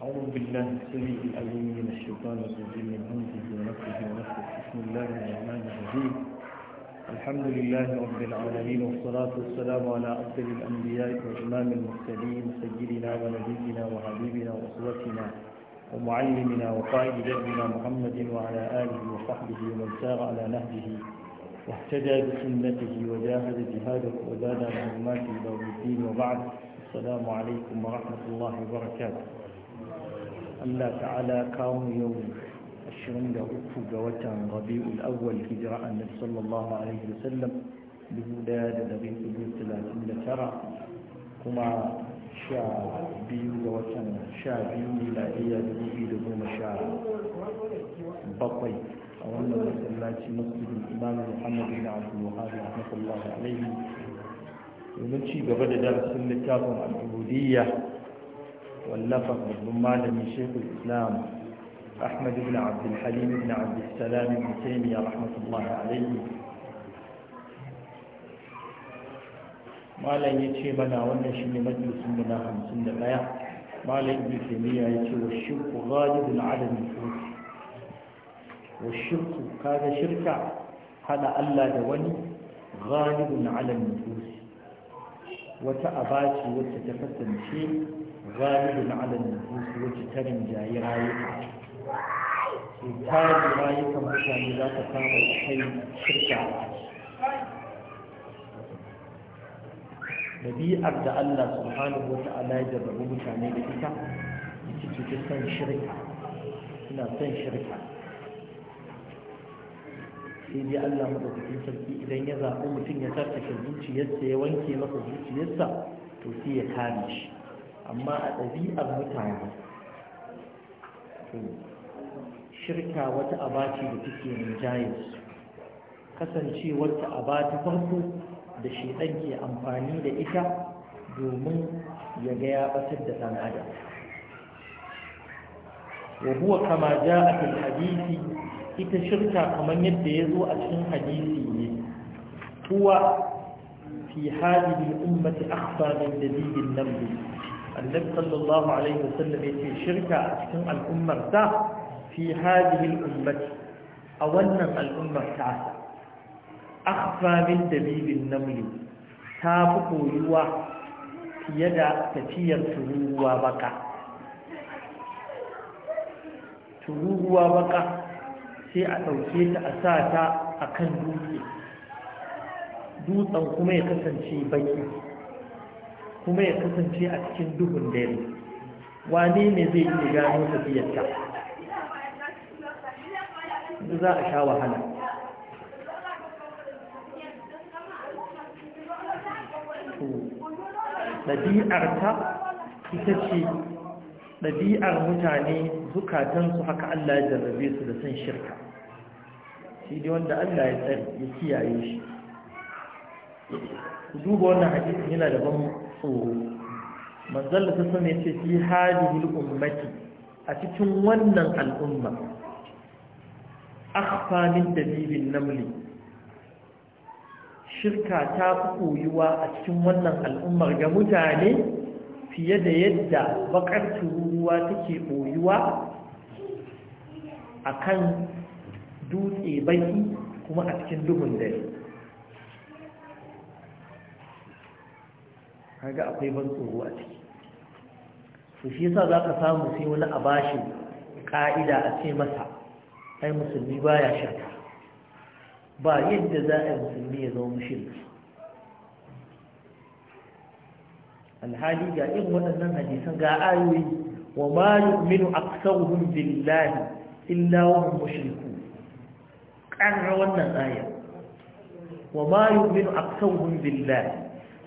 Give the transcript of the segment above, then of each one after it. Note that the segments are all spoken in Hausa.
أعوذ بالله السميع العليم من الشيطان الرجيم من همزه ونفسه ونفسه بسم الله الرحمن الرحيم الحمد لله رب العالمين والصلاة والسلام على أفضل الأنبياء وإمام المرسلين سيدنا ونبينا وحبيبنا وأسوتنا ومعلمنا وقائد دربنا محمد وعلى آله وصحبه ومن سار على نهجه واهتدى بسنته وجاهد جهاده وزاد معلومات دور الدين وبعد السلام عليكم ورحمة الله وبركاته الله تعالى كاون يوم الشرم ده أفوك وتان ربيع الأول هجراء النبي صلى الله عليه وسلم بولاد دقيق بيوت لازم ترى كما شاء بيوت وتان شاء بيوت لا إيا دقيقي لهم شاء بطي أولا وسلات مسجد الإمام محمد بن عبد الوهاب رحمة الله عليه ومن شيء بغدا دارس النكاب عن wallafa babban malami shekul islam ahmad ibn abdulhalim ibn abdulsalam ibn taimiyya rahmatullahi alaihi malam ya ce mana wannan shi ne majalisun mu na hamsin da ɗaya malam ibn ya ce ku shirku ghalibul alam nufus wa shirku kaga shirka hada Allah da wani ghalibun ala wata abaci wacce ta kasance غالب على النفوس وجترن جاي رايك تاج رايك مكان لا تقام الحي شركة نبي أبدا الله سبحانه وتعالى يجربه مكان لك يتجد سن شركة suna son shirka sai dai Allah madaukakin sarki idan ya zaɓi mutum ya tarkace zuciyarsa ya wanke masa zuciyarsa to sai ya kare shi amma a ɗabi'ar mutane shirka wata abaci da take rinjaye kasancewar kasance aba ta farko da shi ke amfani da ita domin ya ga ya batar da ɗan adam wa huwa kama a cikin hadisi ita shirka kamar yadda ya zo a cikin hadisi ne kuwa fi in ummati akhfa min dalilin nabi النبي صلى الله عليه وسلم يتي شركة أتكن الأمة تا في هذه الأمة أولا الأمة تعسى أخفى من دبيب النمل تابق يوى في يد تفير تروى بقى تروى بقى sai a ɗauke ta a sa ta a kan dutse dutsen kuma ya kasance baki kuma ya kasance a cikin duhun dare Wani ne zai iya gano tafiyarta za a sha wahala ɗabi'arta ita ce ɗabi'ar mutane zukatansu haka Allah ya jarrabe su da san shirka shi ne wanda Allah ya tsari ya kiyaye shi duba wannan hadisi yana da ban tsoro manzon da sassan ya ce fi halihil ummati a cikin wannan al'umma akhfa da namli shirka ta fi koyuwa a cikin wannan al'ummar ga mutane fiye da yadda bakar turuwa take koyuwa a kan dutse baki kuma a cikin duhun dare kaga akwai ban tsoro a ciki Su shi yasa za ka samu sai wani a bashi ka'ida a ce masa ai musulmi ba ya shirka ba yadda za a yi musulmi ya zama mushriki alhali ga irin waɗannan hadisan ga ayoyi wa ma yu'minu aktsaruhum billahi illa wa hum mushrikun qarra wannan ayar wa ma yu'minu aktsaruhum billahi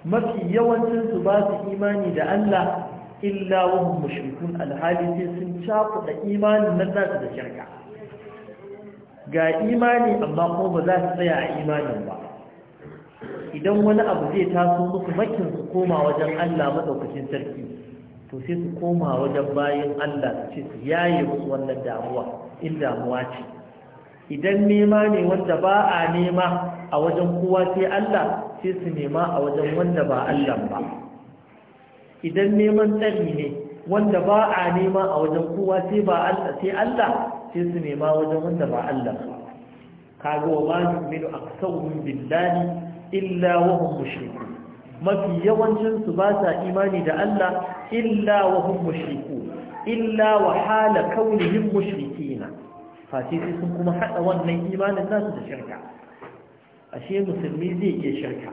mafi yawancinsu ba su imani da Allah illa wahun mushrikun alhali sai sun da imanin na nasu da shirka ga imani amma kuma ba za su tsaya a imanin ba idan wani abu zai taso musu makin su koma wajen Allah madaukakin sarki to sai su koma wajen bayan Allah su ce su yaye musu wannan damuwa in damuwa ce idan nema ne wanda ba a nema a wajen kowa sai Allah sai su nema a wajen wanda ba Allah ba idan neman tsari ne wanda ba a nema a wajen kowa sai ba Allah sai Allah sai su nema wajen wanda ba Allah ba kaga wa ba yu'minu aktsaruhum billahi illa wa hum mushrikun mafi yawancin su ba sa imani da Allah illa wa hum mushrikun illa wa hala kaunihim mushrikina fa sai sun kuma hada wannan imanin nasu da shirka ashe musulmi zai ke shirka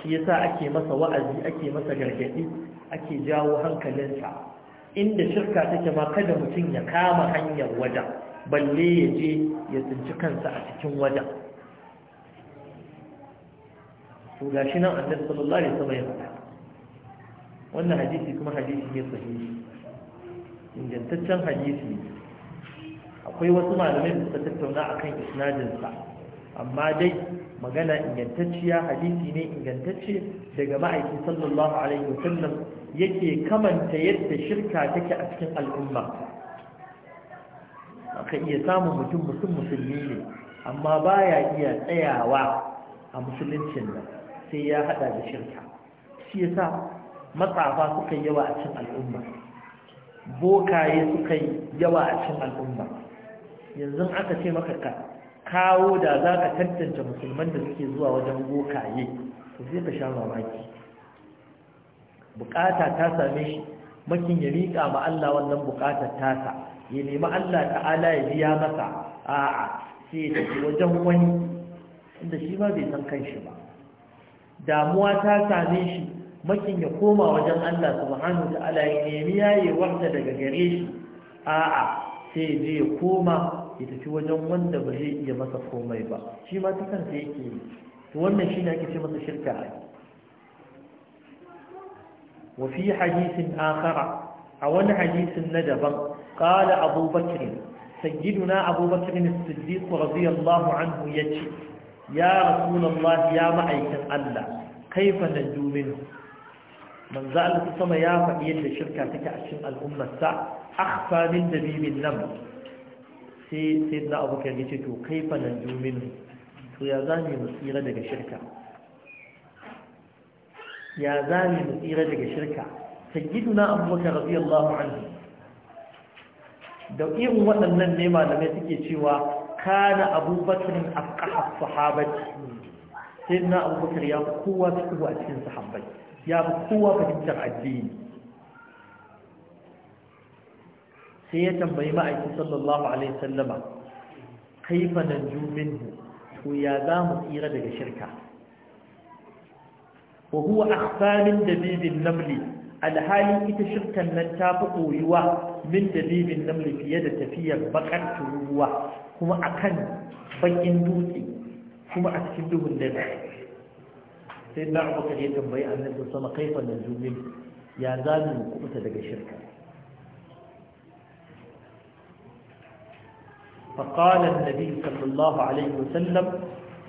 shi yasa ake masa wa'azi ake masa gargadi ake jawo hankalinsa inda shirka take ma kada mutum ya kama hanyar wajen balle ya je ya tsinci kansa a cikin wajen to gashi nan annabi sallallahu alaihi wasallam ya faɗa wannan hadisi kuma hadisi ne sahihi ingantaccen hadisi akwai wasu malamai da suka tattauna akan isnadin sa amma dai magana ingantacciya hadisi ne ingantacce daga ma'aiki sallallahu alaihi wasallam yake kamanta yadda shirka take a cikin al'umma aka iya samun mutum mutum musulmi ne amma baya iya tsayawa a musuluncin nan sai ya hada da shirka shi yasa matsafa suka yawa a cikin al'umma bokaye suka yawa a cikin al'umma yanzu aka ce maka kawo da za ka tantance musulman da suke zuwa wajen bokaye to sai ka sha mamaki bukata ta same shi makin ya rika ma Allah wannan bukatar tasa ya nemi Allah ta'ala ya biya masa a'a sai ya tafi wajen wani inda shi ba bai san kanshi ba damuwa ta same shi makin ya koma wajen Allah subhanahu ta'ala ya nemi yayi wanda daga gare shi a'a sai ya je ya koma ya tafi wajen wanda ba zai iya masa komai ba shi ma ta kansa yake yi wannan shi ne ake ce masa shirka a wafi hadisin akara a wani hadisin na daban ƙala abubakar sayyiduna abubakar siddiq allahu anhu ya ce ya rasulallah ya ma'aikin allah kaifa na jumin manzo Allah sama ya faɗi yadda shirka take a cikin al'ummarsa akhfa min dabibin nabi sai sai na abu kan yace to kai fa nan jumin to ya zame mu tsira daga shirka ya zame mu tsira daga shirka sayyiduna abubakar radiyallahu anhu da irin waɗannan ne malamai suke cewa kana abubakarin afqaha sahabati na abubakar ya fi kowa fi kowa cikin sahabbai ya fi kowa fahimtar addini sai ya tambayi ma'aikin sallallahu alaihi sallama kaifa nan jumin ya za mu tsira daga shirka wa huwa akhfanin dabibin namli alhali ita shirkan nan ta fi koyuwa min dabibin namli fiye da tafiyar bakar turuwa kuma akan bakin dutse kuma a cikin duhun dare sai na abubakar ya tambayi annabi sama kaifa nan jumin ya za mu kubuta daga shirka فقال النبي صلى الله عليه وسلم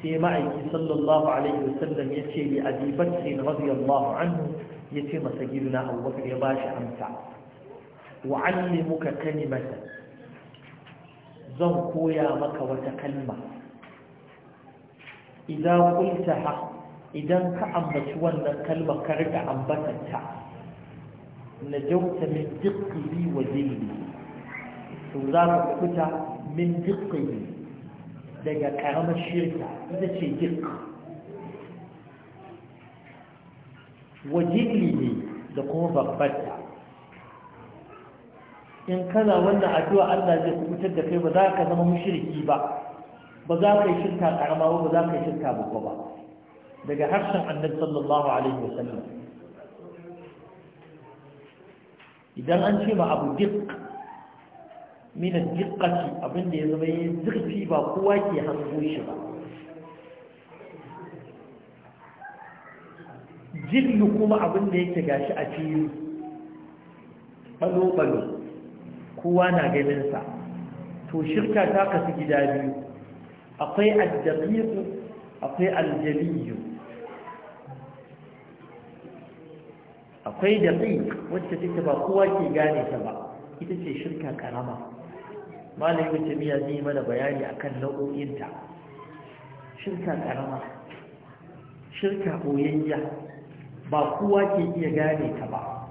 في معي صلى الله عليه وسلم يتي لأبي بكر رضي الله عنه يتي ما سيدنا أبو بكر يباش أمتع وعلمك كلمة زنكو يا مك وتكلمة إذا قلتها إذا كأمت وانا كلمة كرجع أنبتتها نجوت من دقي وذلي to za ka kuta min dukkan daga karamar shirka ita ce duk Wajen ne da kuma babbarta in kana wannan addu'a Allah zai kubutar da kai ba za ka zama mushriki ba ba za ka yi shirka karama ba ba za ka yi shirka babba ba daga harshen annabi sallallahu alaihi wasallam idan an ce ma abu duk Minan ad-diqqati abinda ya zama yin zurfi ba kowa ke hango shi ba jillu kuma abinda yake gashi a fili balo balo kowa na ganin sa to shirka ta kasu gida biyu akwai ad akwai al akwai daqiq wacce take ba kowa ke gane ta ba ita ce shirka karama malamin ta miya zai yi mana bayani akan nau'o'inta shirka karama shirka koyayya ba kowa ke iya gane ta ba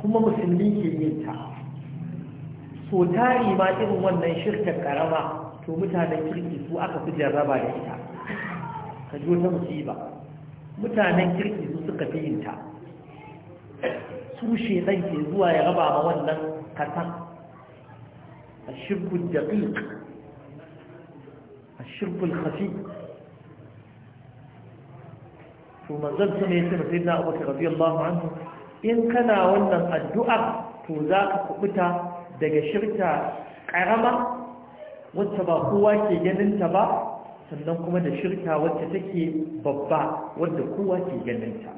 kuma musulmi ke yin ta so tari ma irin wannan shirka karama to mutanen kirki su aka fi jarraba da ita ka ji wata musiba mutanen kirki su suka fi yin ta su shi ke zuwa ya raba ma wannan kasan الشرك الدقيق الشرك الخفي ثم زلت ميسر سيدنا أبو بكر رضي الله عنه إن كان ولن الدعاء تذاك قبتا دقى شركة قرمة وانتبا قوة جنن تبا sannan kuma da shirka wacce take babba wadda kowa ke ganinta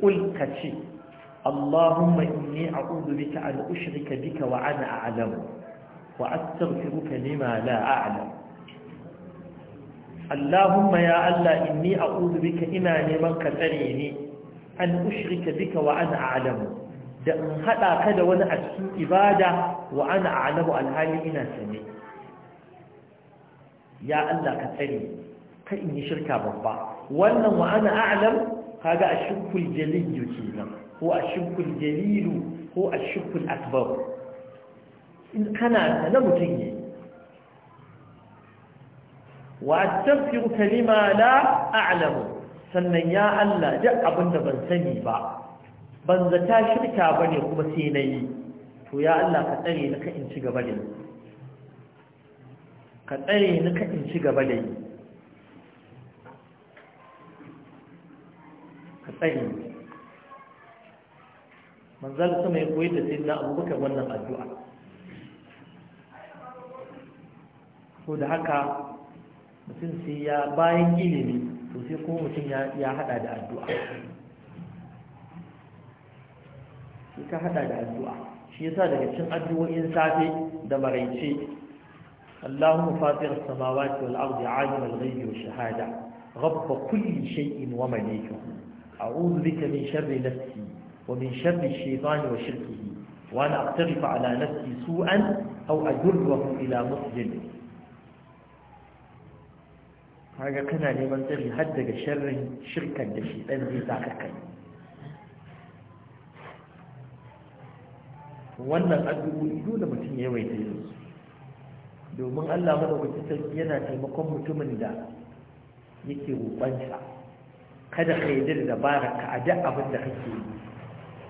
ƙulka ce اللهم إني أعوذ بك أن أشرك بك وأنا أعلم وأستغفرك لما لا أعلم اللهم يا الله إني أعوذ بك إنا لمن كثريني أن أشرك بك وأنا أعلم دأن هذا كذا وأنا أسي إبادة وأنا أعلم الهالي إنا سمي يا الله كثري فإني شركة ببا وأنا وأنا أعلم هذا الشرك الجلي كذا ko a shukul jalilu ko a shukul akbar in kana na mutum ne wa astaghfiru kalima la a'lamu sannan ya Allah duk abin da ban sani ba ban zata shirka bane kuma sai nayi to ya Allah ka ni ka in ci gaba ni ka in ci gaba ka manzal sama ya koyi da sayyidina abubakar wannan addu'a ko da haka mutum sai ya bayan ilimi to sai mutum ya hada da addu'a shi ka hada da addu'a shi yasa daga cikin addu'o'in safe da maraice Allahumma fatir as-samawati wal ardi alim al-ghaibi wa shahada rabb kulli shay'in wa malikahu a'udhu bika min sharri nafsi ومن شر الشيطان وشركه وأنا أقترف على نفسي سوءا أو أجره إلى مسلم هذا كنا لمن تري هدق شر شركا لشيطا بذاككا وأن أدعو إلونا متن يوي تيروس لو من وتسجينا في مقوم متمن دا يكي روبانسا kada kai dare da baraka a duk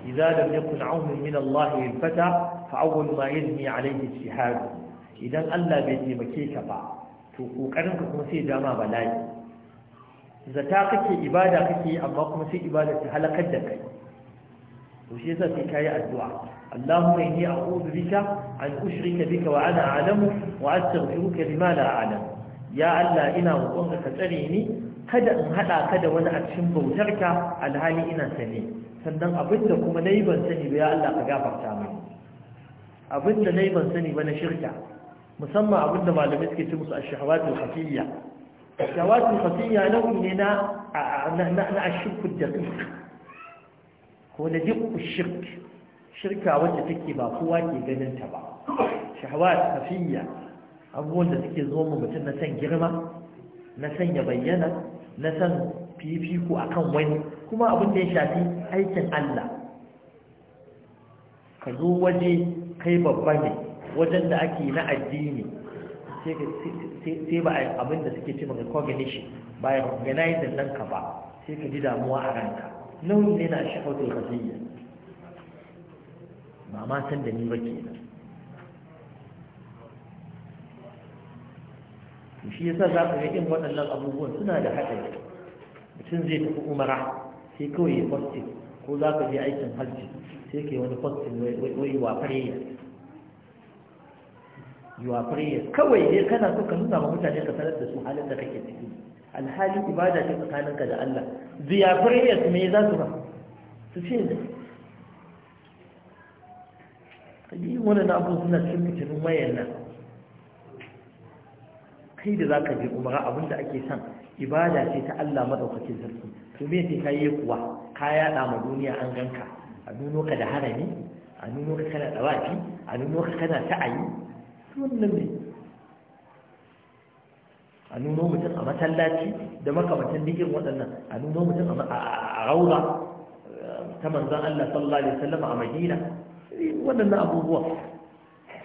إذا لم يكن عون من الله للفتى فأول ما يزني عليه الشهاد إذا ألا بيتي مكيك با وقرنك كما سي جامع بلاي زكاة كي إبادة كي أما كما سي إبادة تهلك الدكي وشي ذاتي كاية الدعاء اللهم إني أعوذ بك أن أشرك بك وأنا أعلم وأستغفرك لما لا أعلم يا ألا إنا وقومك تريني kada in haɗa ka da wani a cikin bautarka alhali ina sani sannan abinda kuma na yi ban sani ba ya Allah ka gafarta mai abinda na yi ban sani ba na shirka musamman abinda malamai suke ce musu a shahawatul khafiyya shahawatul khafiyya nau'i ne na na ashirku da ko na dukku shirk shirka wacce take ba kowa ke ganin ta ba shahawat khafiyya abubuwan da suke zo mu mutum na san girma na sanya bayyana na san fifiko akan wani kuma abin da ya shafi aikin Allah ka zo waje kai babba ne wajen da ake na addini sai ba abin da suke ce maka cognition ba ya organizing ka ba sai ka ji damuwa a ranka nauyi ne na shi hautar ba ma san da ni ba kenan shi yasa za ka ga in waɗannan abubuwan suna da haɗari mutum zai tafi umara sai kawai ya fastin ko za ka je aikin hajji sai ka yi wani fastin wai wa fareya yiwa fareya kawai ne kana so ka nuna ma mutane ka sanar da su halin da kake ciki alhali ibada ce tsakaninka da Allah ziyafar su me za su ba su ce ne kaji wani na abu suna cin mutumin wayan nan kai da zaka je umara abinda ake son ibada ce ta Allah madaukakin sarki to me yake yi kuwa ka yada ma duniya an ganka a nuno ka da harami a nuno ka kana dawafi a nuno ka kana ta'ayi wannan ne a nuno mutum a masallaci da makamatan dikin waɗannan a nuno mutum a raura eh, ta manzan Allah sallallahu alaihi wasallam a Madina waɗannan abubuwa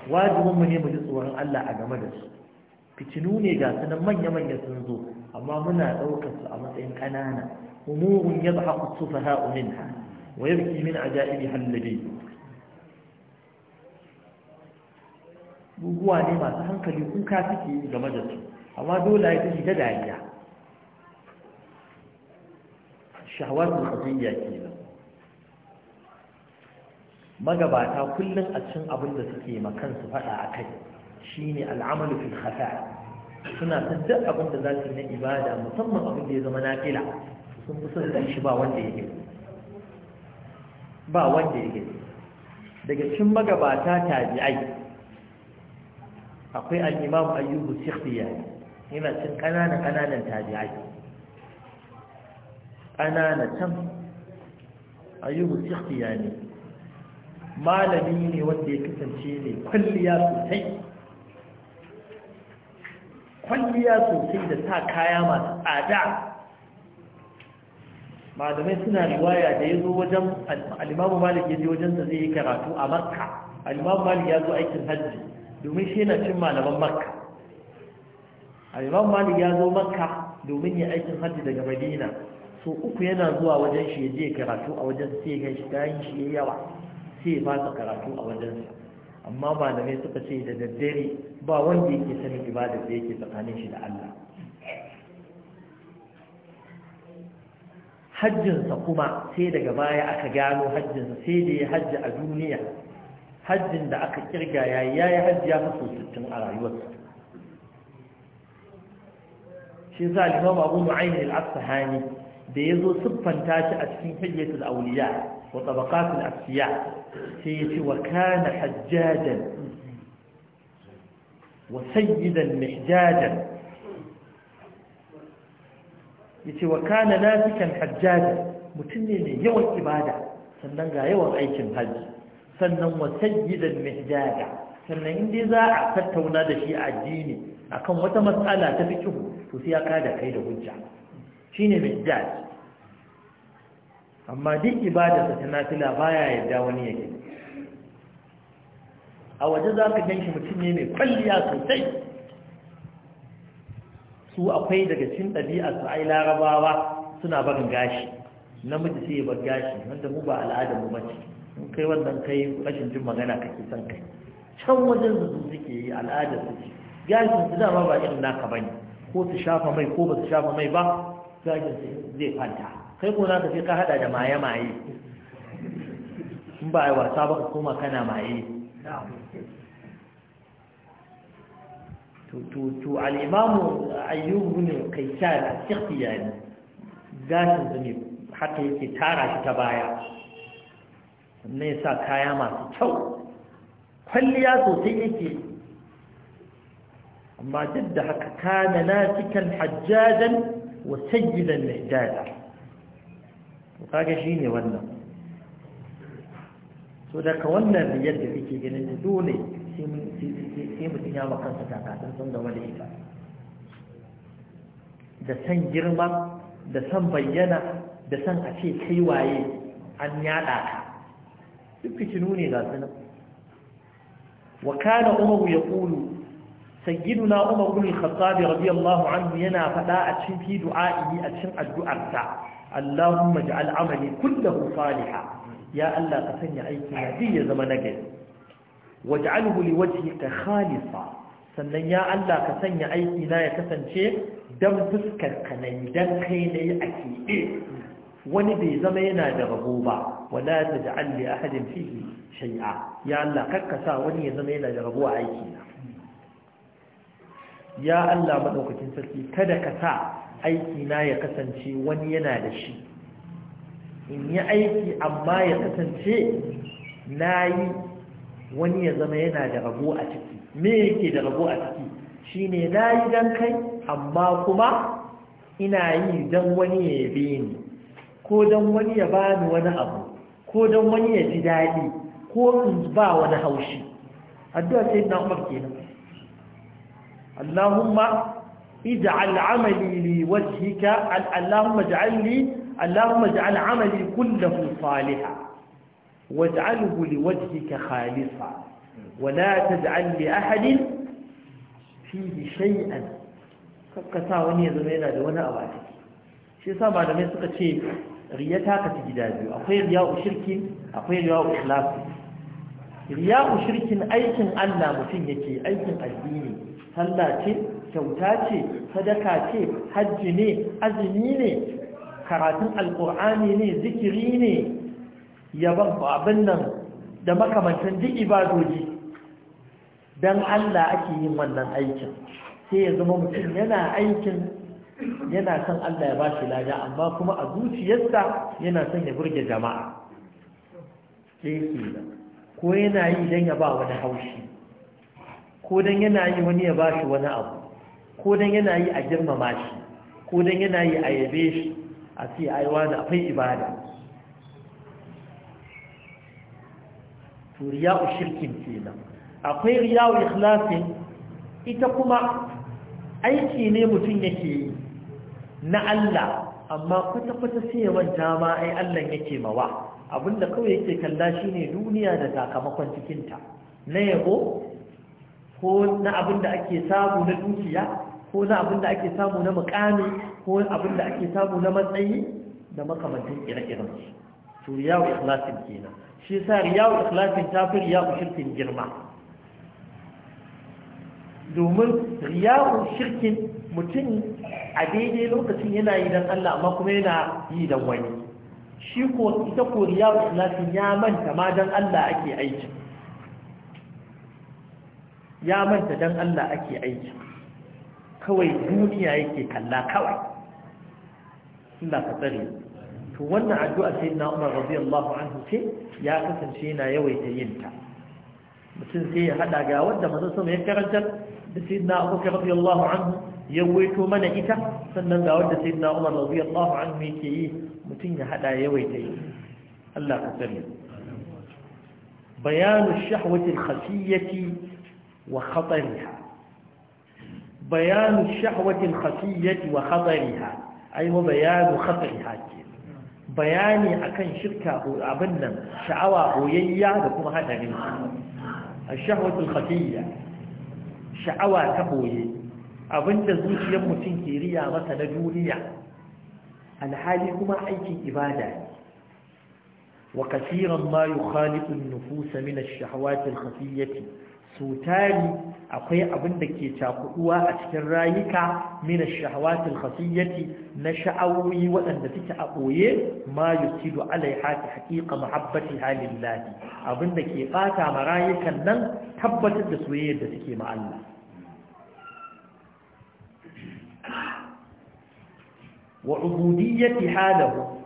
wajibin mu ne mu ji tsoron Allah a game da su fitinu ne ga nan manya-manya sun zo amma muna ɗaukar su a matsayin ƙanana umurun ya zaha kusu faha minha wa yabki min ajaibi hallabi guguwa ne masu hankali kuka suke game da su amma dole ya kashi da dariya shahawatul qadiyya kenan magabata kullum a cin abin da suke makan su faɗa a kai shine al'amalu fil khafa suna san duk abin da za su yi na ibada musamman abin da ya zama nafila sun fi son shi ba wanda ya gani ba wanda ya gani daga cikin magabata tabi'ai akwai al-imam ayyubu sikhtiyani yana cikin kananan ƙananan tabi'ai kananan can ayyubu sikhtiyani malami ne wanda ya kasance ne kulliya sosai kwalliya sosai da sa kaya masu tsada malamai suna riwaya da ya zo wajen alimamu malik ya je wajensa zai yi karatu a makka alimamu malik ya zo aikin hajji domin shi na cin malaman makka alimamu malik ya zo makka domin ya aikin hajji daga madina so uku yana zuwa wajen shi ya je karatu a wajen sai ya shi shi ya yawa sai ya fasa karatu a wajensa amma malamai suka ce da daddare ba wanda yake sanin ibada da yake tsakanin shi da Allah hajjinsa kuma sai daga baya aka gano hajjinsa sai da ya hajji a duniya hajjin da aka kirga ya yi ya yi hajji ya fi sittin a rayuwarsa shi za a limama abu al'asahani da ya zo siffanta shi a cikin da auliya وطبقات الأبسياء سيتي وكان حجاجا وسيدا محجاجا يتي وكان ناسكا حجاجا متنين يوم إبادة سننغا يوم أيكم حج سنن وسيدا محجاجا sannan inda za a tattauna da shi a addini akan wata matsala ta fikihu to sai ya kada kai da hujja shine mihjaj amma duk ibadarsa ta nafila baya yadda wani yake a waje za ka ganshi mutum ne mai kwalliya sosai su akwai daga cin ɗabi'a su ai larabawa suna barin gashi namiji sai ya bar gashi wanda mu ba al'adar mu mace in kai wannan kai rashin jin magana kake son kai can wajen su suke yi al'adar su ce gashi su dama ba irin naka bane ko su shafa mai ko ba su shafa mai ba gashin su zai kwanta kai kuna ka fi ka hada da maye-maye in ba a yi wasa ba ka koma kana maye to al'imamu ayyubu ne kai sha a cikin yani gashin zane haka yake tara shi ta baya sannan ya sa kaya masu kyau kwalliya sosai yake amma duk da haka kana na cikin hajjajen wa sayyidan na kage shi ne wannan so daga wannan yadda da kake ganin dole sai mutum ya makansa takatun sun da wani ita da san girma da san bayyana da san a ce kai waye an yada ka duk fitinu ne ga sunan nan wa kana umaru ya kulu sayyiduna umar bin al-khattab radiyallahu anhu yana fada a cikin du'a'i a cikin addu'arsa Allahumma ja'al amali kullahu salihan ya Allah sanya aiki na ya zama nagari waj'alhu liwajhika sannan ya Allah ka sanya aiki na ya kasance dan fuskar ka ne dan kai ne a keɓe. wani bai zama yana da rabo ba wala taj'al li ahadin fihi shai'a. ya Allah karkasa wani ya zama yana da rabo a aiki na ya Allah maɗaukacin sarki kada ka sa aiki na ya kasance wani yana da shi in yi aiki amma ya kasance na yi wani ya zama yana da rabo a ciki me yake da rabo a ciki shine na yi don kai amma kuma ina yi don wani ya yabe ni ko don wani ya bani wani abu ko don wani ya ji daɗi ko in ba wani haushi addu'a sai na umar kenan Allahumma ija'al 'amali li wajhika allahumma ij'al li allahumma ij'al 'amali kullahu salihan waj'alhu li wajhika khalisan wa la taj'al li ahadin fihi shay'an kakkasa wani zama yana da wani abu a ciki malamai suka ce riya ta kaci gida biyu akwai riya shirkin akwai riya u ikhlasu riya shirkin aikin Allah mutum yake aikin addini sallah kyauta ce sadaka ce hajji ne azumi ne karatun alkur'ani ne zikiri ne yaban abin nan da makamantan duk ibadoji don Allah ake yin wannan aikin sai ya zama mutum yana aikin yana son Allah ya ba shi lada amma kuma a zuciyarsa yana son ya burge jama'a ko yana yi don ya ba wani haushi ko don yana yi wani ya ba shi wani abu ko don yana yi a girmama shi ko don yana yi a yabe shi a ce ai akwai ibada to shirkin kenan akwai riya'u ikhlasin ita kuma aiki ne mutum yake yi na Allah amma kwata-kwata sai ya manta ma ai Allah yake mawa abinda kawai yake kalla shine duniya da sakamakon cikinta na yabo ko na abinda ake samu na dukiya ko na abin da ake samu na mukami ko abin da ake samu na matsayi da makamantan ire-iren su to riyawu ikhlasin kenan shi sa riyawu ikhlasin ta fi riyawu shirkin girma domin riyawu shirkin mutum a daidai lokacin yana yi don Allah amma kuma yana yi don wani shi ko ita ko riyawu ikhlasin ya manta ma don Allah ake aiki ya manta don Allah ake aiki kawai duniya yake kalla kawai Allah ka tsare to wannan addu'a sai na Umar radiyallahu anhu ce ya kasance yana yawaita yin ta mutum sai ya hada ga wanda manzon sama ya karanta da sayyidina Abubakar radiyallahu anhu ya waito mana ita sannan ga wanda sayyidina Umar radiyallahu anhu yake yi mutum ya hada yawaita yi Allah ka tsare bayanu shahwati al-khafiyati wa khatariha بيان الشهوة الخفية وخطرها أي وبيان خطرها بياني أكن شركة أبنا شعوى قوية لكم هذا منها الشهوة الخفية شعوى كبوي أبن تزوج يم تنكيريا مثلا دونية الحالي كما أيك إبادة وكثيرا ما يخالف النفوس من الشهوات الخفية su akwai abin da ke cakuduwa a cikin rayuka mina shahawatul khasiyyati na sha'awoyi waɗanda suke a ɓoye ma yusidu alaiha ta haƙiƙa muhabbati halillahi abin da ke ɓata ma rayukan nan tabbatar da soyayyar da suke ma Allah wa ubudiyyati halahu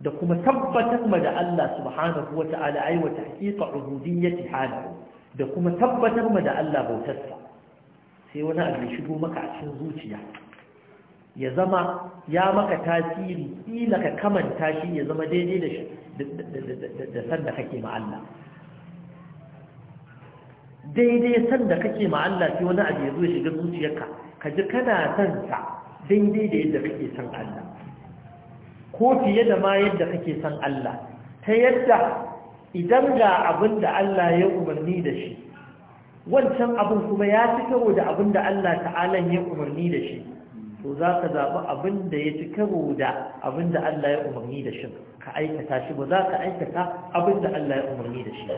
da kuma tabbatar ma da Allah subhanahu wa ta'ala ai wa tahqiqa ubudiyyati halahu da kuma tabbatar ma da Allah bautarsa sai wani abu ya shigo maka a cikin zuciya ya zama ya maka tasiri ila ka kamanta shi ya zama daidai da da sanda kake ma Allah daidai sanda kake ma Allah sai wani abu ya zo ya shiga zuciyarka ka ji kana san sa daidai da yadda kake son Allah ko fiye da ma yadda kake son Allah ta yadda idan ga abin da Allah ya umarni da shi wancan abin kuma ya ci karo da abin da Allah ta'ala ya umarni da shi to za ka zaɓi abin da ya ci karo da abin da Allah ya umarni da shi ka aikata shi ba za ka aikata abin da Allah ya umarni da shi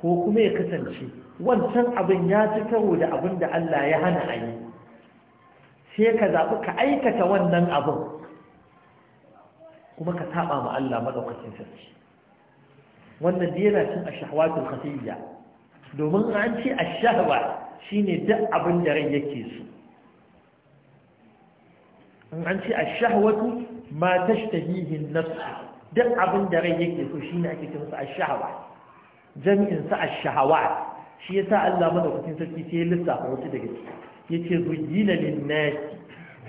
ko kuma ya kasance wancan abin ya ci karo da abin da Allah ya hana a yi sai ka zaɓi ka aikata wannan abin kuma ka saba ma Allah maɗaukacin sarki wannan da yana cin ashahwatul khafiyya domin an ce ashahwa shine duk abin da rai yake so in an ce ashahwatu ma tashtahihi an-nafs duk abin da rai yake so shine ake ce su ashahwa jami'in sa ashahwa shi yasa Allah madaukakin sarki sai ya lissafa wasu daga ciki yace zuyyina lin nas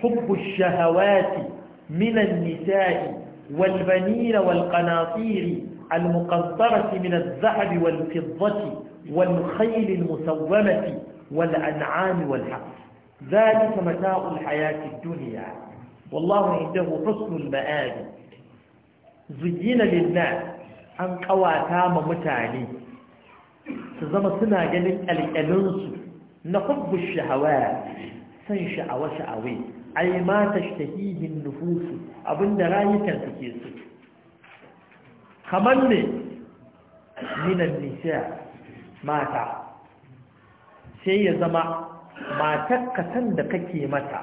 hubbu ash-shahawati min an-nisa'i wal-banina wal-qanatir المقنطرة من الذهب والفضة والخيل المسومة والأنعام والحق ذلك متاع الحياة الدنيا والله عنده حسن المآب زين للناس أن قواتام متعلي تزم سنة جنب الألنس نقب الشهوات سنشأ وشأوي أي ما تشتهيه النفوس أبن رايكا تكيسك kamar ne minan nisa mata sai ya zama matar kasan da kake mata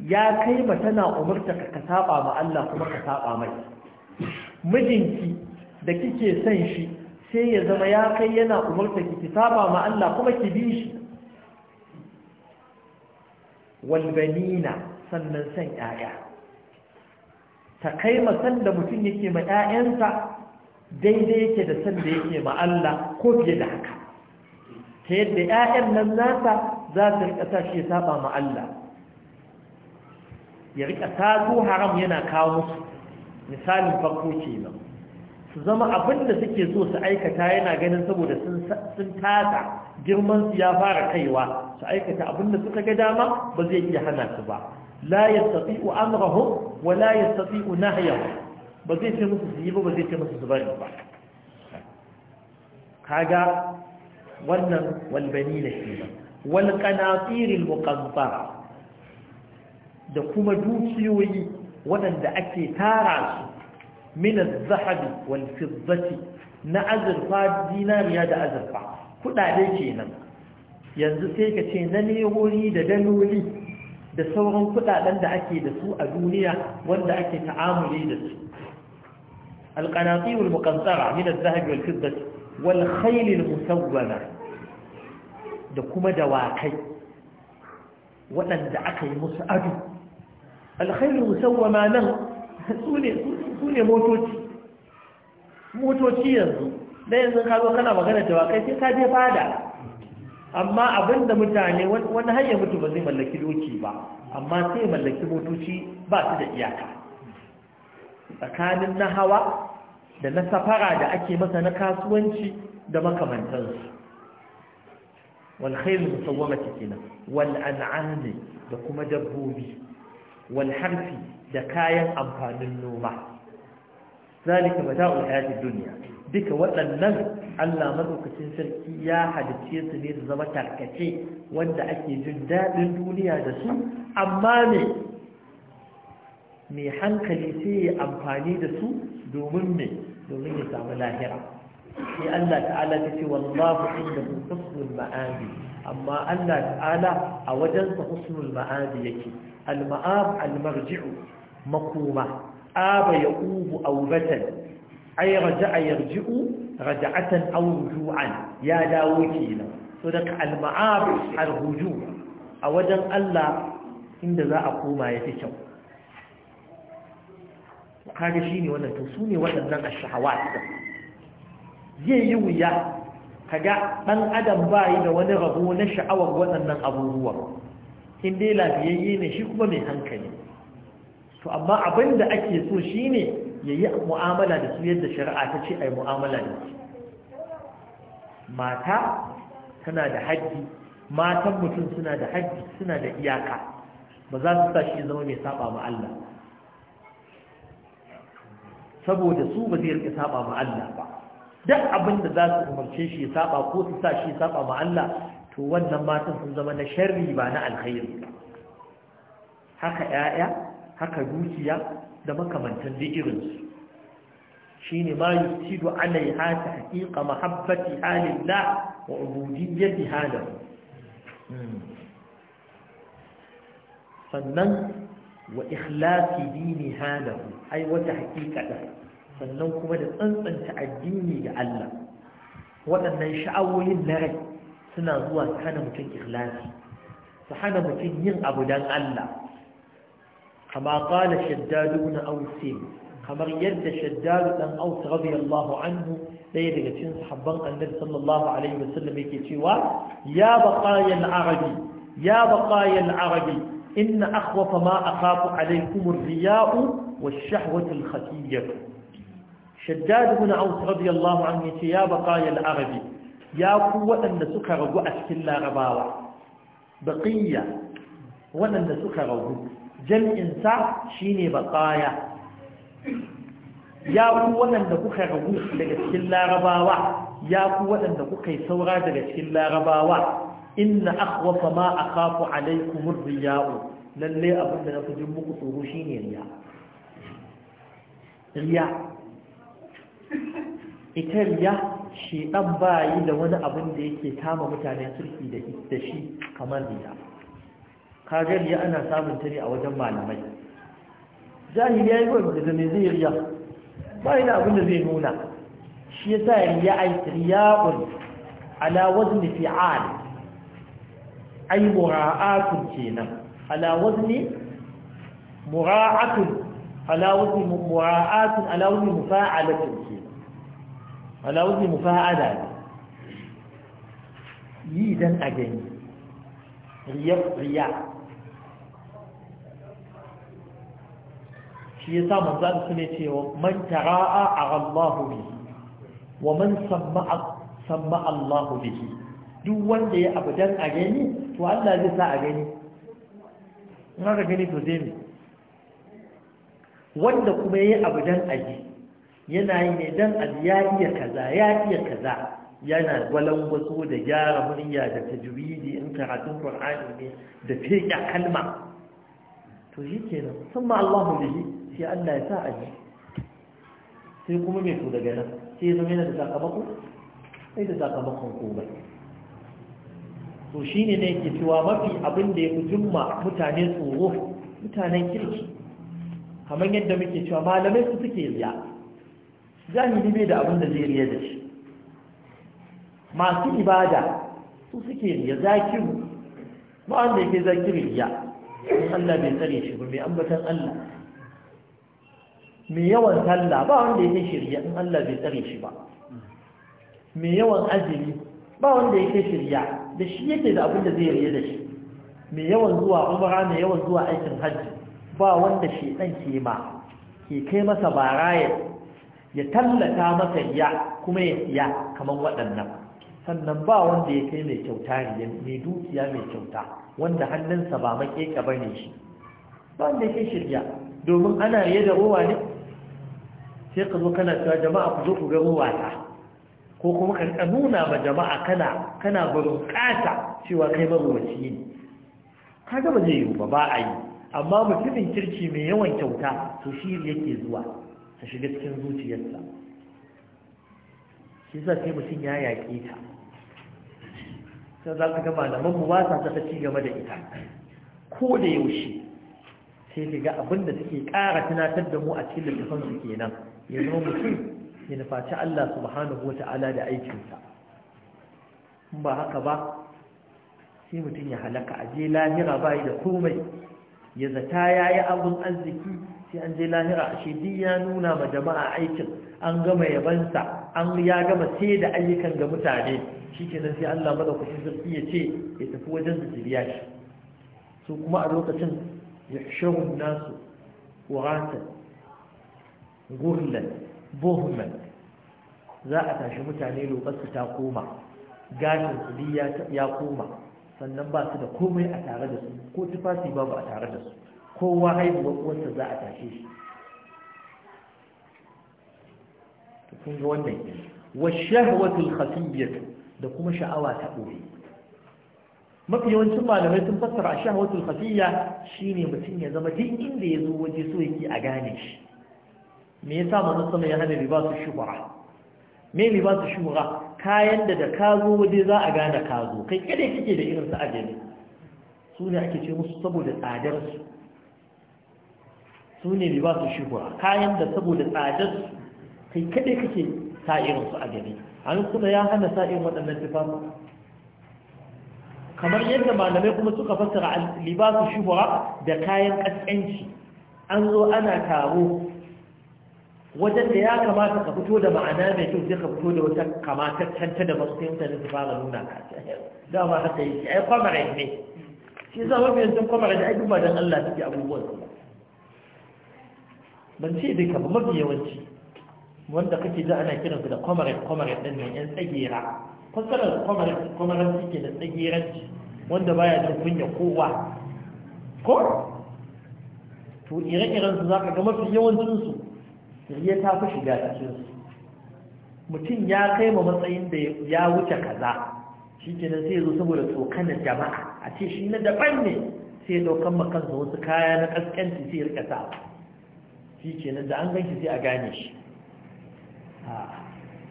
ya kai ma tana umarta ka saba ma Allah kuma ka saba mai mijinki da kike son shi sai ya zama ya kai yana umarta ki saba ma Allah kuma ki bi shi walbanina sannan san 'ya'ya, ta kai ma da mutum yake ma 'ya'yansa. daidai yake da san da yake ma Allah ko fiye da haka ta yadda 'ya'yan nan nasa za su rika sa shi saba ma Allah ya rika haram yana kawo musu misalin farko kenan su zama abin da suke so su aikata yana ganin saboda sun tasa girman su ya fara kaiwa su aikata abin da suka ga dama ba zai iya hana su ba la yastati'u amrahum wa la yastati'u nahyahum ba zai ce musu su yi ba ba zai ce musu su ba kaga wannan walbani na ke ba walƙanafirin muƙamfara da kuma dukiyoyi waɗanda ake tara su minas zahabi walfizzati na azurfa dinariya da azurfa kuɗaɗe kenan yanzu sai ka ce na nerori da daloli da sauran kuɗaɗen da ake da su a duniya wanda ake ta'amuli da su القناطير المقنطرة من الذهب والفضة والخيل المسومة دكما دواقي waɗanda aka yi musu ado alkhairu musawwama nan su motoci motoci yanzu da yanzu kazo kana magana da sai ka je fada amma abinda mutane wani hanyar mutu ba zai mallaki doki ba amma sai mallaki motoci ba su da iyaka tsakanin nahawa da na safara da ake masa na kasuwanci da makamantarsu walhailu musawwama ciki na wal'an'ani da kuma dabbobi walharfi da kayan amfanin noma zalika ba za'u yaki duniya duka waɗannan allah matsaukacin sarki ya halice su ne da zama tarkace wanda ake jin daɗin duniya da su amma ne mai hankali sai ya amfani da su domin mai domin ya samu lahira sai Allah ta'ala ta ce wallahu inda husnul ma'abi amma Allah ta'ala a wajensa husnul ma'abi yake al-ma'ab al-marji'u makoma aba yaqubu awbatan ay raja'a yarji'u raja'atan aw ruju'an ya dawo kenan so daga al-ma'ab al-ruju' a wajen Allah inda za a koma yafi kyau kaga ne wannan to su ne waɗannan a cikin. zai yi wuya kaga ɗan adam ba yi da wani rabo na sha'awar waɗannan abubuwa in dai lafiyayye ne shi kuma mai hankali to amma abin da ake so shi ne ya yi mu'amala da su yadda shari'a ta ce ai mu'amala da su mata tana da haji matan mutum suna da haji suna da iyaka ba za su sa shi zama mai saba ma Allah saboda su ba zai rike saba ma Allah ba duk abin da za su umarce shi ya saba ko su sa shi ya saba ma Allah to wannan matan sun zama na sharri ba na alkhairi haka ƴaƴa haka dukiya da makamantan da irin su shine ma yusidu alaiha ta haqiqa mahabbati alillah, wa ubudiyyati halahu hmm. sannan wa ikhlasi dini halahu Ai hakika da sannan kuma da tsantsanta addini da Allah waɗannan sha'awoyin na rai suna zuwa su hana mutum ikhlasi su hana mutum yin abu don Allah kama kala shaddadu na ausi kamar yadda shaddadu ɗan ausi radiyallahu anhu ɗaya daga cikin sahabban annabi sallallahu alaihi wasallam yake cewa ya baqaya arabi ya baqaya arabi inna akhwafa ma akhafu alaykum ar-riya'u والشهوة الخفية شداد بن عوف رضي الله عنه يا بقايا العربي يا قوة أن سكر وأشك الله رباوة بقية وأن سكر جمع ساعة شيني بقايا ya ku waɗanda kuka ragu daga cikin larabawa ya ku waɗanda kuka yi saura daga cikin larabawa inna akhwafa ma a kafu ar-riya'u lalle abin da nafi jin muku tsoro shine riya riya ita riya shi ɗan bayi da wani abin da yake kama mutane turki da shi kamar riya kagar riya ana samun ta ne a wajen malamai jahili ya yi da mai zai riya ba abin da zai nuna shi ya sa riya a riya'un ala wazni fi'al ai mura'atun kenan ala wazni mura'atun ala wuzi mu'a'atun ala wuzi mufa'alatun ke mufa'ala yi dan a gani riya riya shi ya sa manzo su ne cewa man tara'a a Allahu bihi wa man samma samma Allahu bihi duk wanda ya abu dan a gani to Allah zai sa a gani in aka gani to zai wanda kuma yayi abu dan aji yana yi ne dan aji ya iya kaza ya iya kaza yana gwalan wasu da gyara murya da tajwidi in karatun qur'ani ne da fiƙa kalma to shi nan sun ma Allahu bihi sai Allah ya sa aji sai kuma mai to daga nan sai zama yana da sakamako sai da sakamakon komai to shine ne yake cewa mafi abin da ya fi jumma mutane tsoro mutanen kirki kamar yadda muke cewa malamai su suke riya zahiri yi da abin da zai riya da shi masu ibada su suke riya zakiru ba wanda yake zakiru riya Allah bai tsare shi ba mai ambatan Allah mai yawan sallah ba wanda yake shirya in Allah bai tsare shi ba mai yawan azumi ba wanda yake shirya da shi yake da abin da zai riya da shi mai yawan zuwa umara mai yawan zuwa aikin hajji ba wanda shedan ke ma ke kai masa baraye ya tallata masa ya kuma ya siya kamar waɗannan sannan ba wanda ya kai mai kyauta ne mai dukiya mai kyauta wanda hannunsa ba makeka ba ne shi ba wanda ya shirya domin ana yi da ruwa ne sai ka zo kana cewa jama'a ku zo ku ga ruwa ta ko kuma ka nuna ma jama'a kana kana barin kata cewa kai maruwaci ne kaga ba zai yi ba ba a yi amma mutumin kirki mai yawan kyauta to shi yake zuwa ta shiga cikin zuciyarsa shi za sai mutum ya yaƙe ta sai za ka gama da mamu ba sa ta ci gaba da ita ko da yaushe sai ka ga abin da suke ƙara tunatar da mu a cikin littafin su kenan ya zama mutum ya nufaci Allah subhanahu wata'ala da aikinsa ba haka ba sai mutum ya halaka a je lahira bayi da komai ya zata ya yi abin arziki sai an je lahira a shidi ya nuna ma jama'a aikin an gama yabansa an ya gama sai da ayyukan ga mutane shi ke nan sai allah madaukakin sarki ya ce ya tafi wajen da jiriya shi su kuma a lokacin ya shahun nasu wuratan gurlan bohman za a tashi mutane lokacin ta koma gashin su ya koma sannan ba su da komai a tare da su ko tufafi babu a tare da su kowa haihuwa uwarsa za a tashe shi kun ga wannan ke wa shahwatul khafiyyah da kuma sha'awa ta ɓoye mafi yawancin malamai sun fassara a shahwatul khafiyya shine mutum ya zama duk inda ya zo waje so yake a gane shi me yasa manzo sama ya hana riba su me riba su kayan da da ka zo waje za a gane ka zo kai kada kike da irin su ajali su ne ake ce musu saboda tsadar su su ne ba su shigo kayan da saboda tsadar su kai kada kike sa irin su ajali an kuma ya hana sa irin waɗannan tufafin kamar yadda malamai kuma suka fassara libasu shuhura da kayan ƙasƙanci an zo ana taro wajen da ya kamata ka fito da ma'ana mai kyau sai ka fito da wata kamataccen ta da masu da su fara nuna ka da ba haka yi ai kwamare ne shi za mu yanzu kwamare da ai duba don Allah suke abubuwan su ban ce dai ka mafi yawanci wanda kake da ana kiran su da kwamare kwamare din nan yan tsagera fasarar kwamare kwamare ke da tsageranci wanda baya da kunya kowa ko to ire-iren su zaka ga mafi yawancinsu. ya ta fi shiga cikin mutum ya kai ma matsayin da ya wuce kaza shi kenan sai zo saboda tsokanin jama'a a ce shi na daban ne sai daukan makansa wasu kaya na ƙasƙanci sai rika sa shi kenan da an ganki sai a gane shi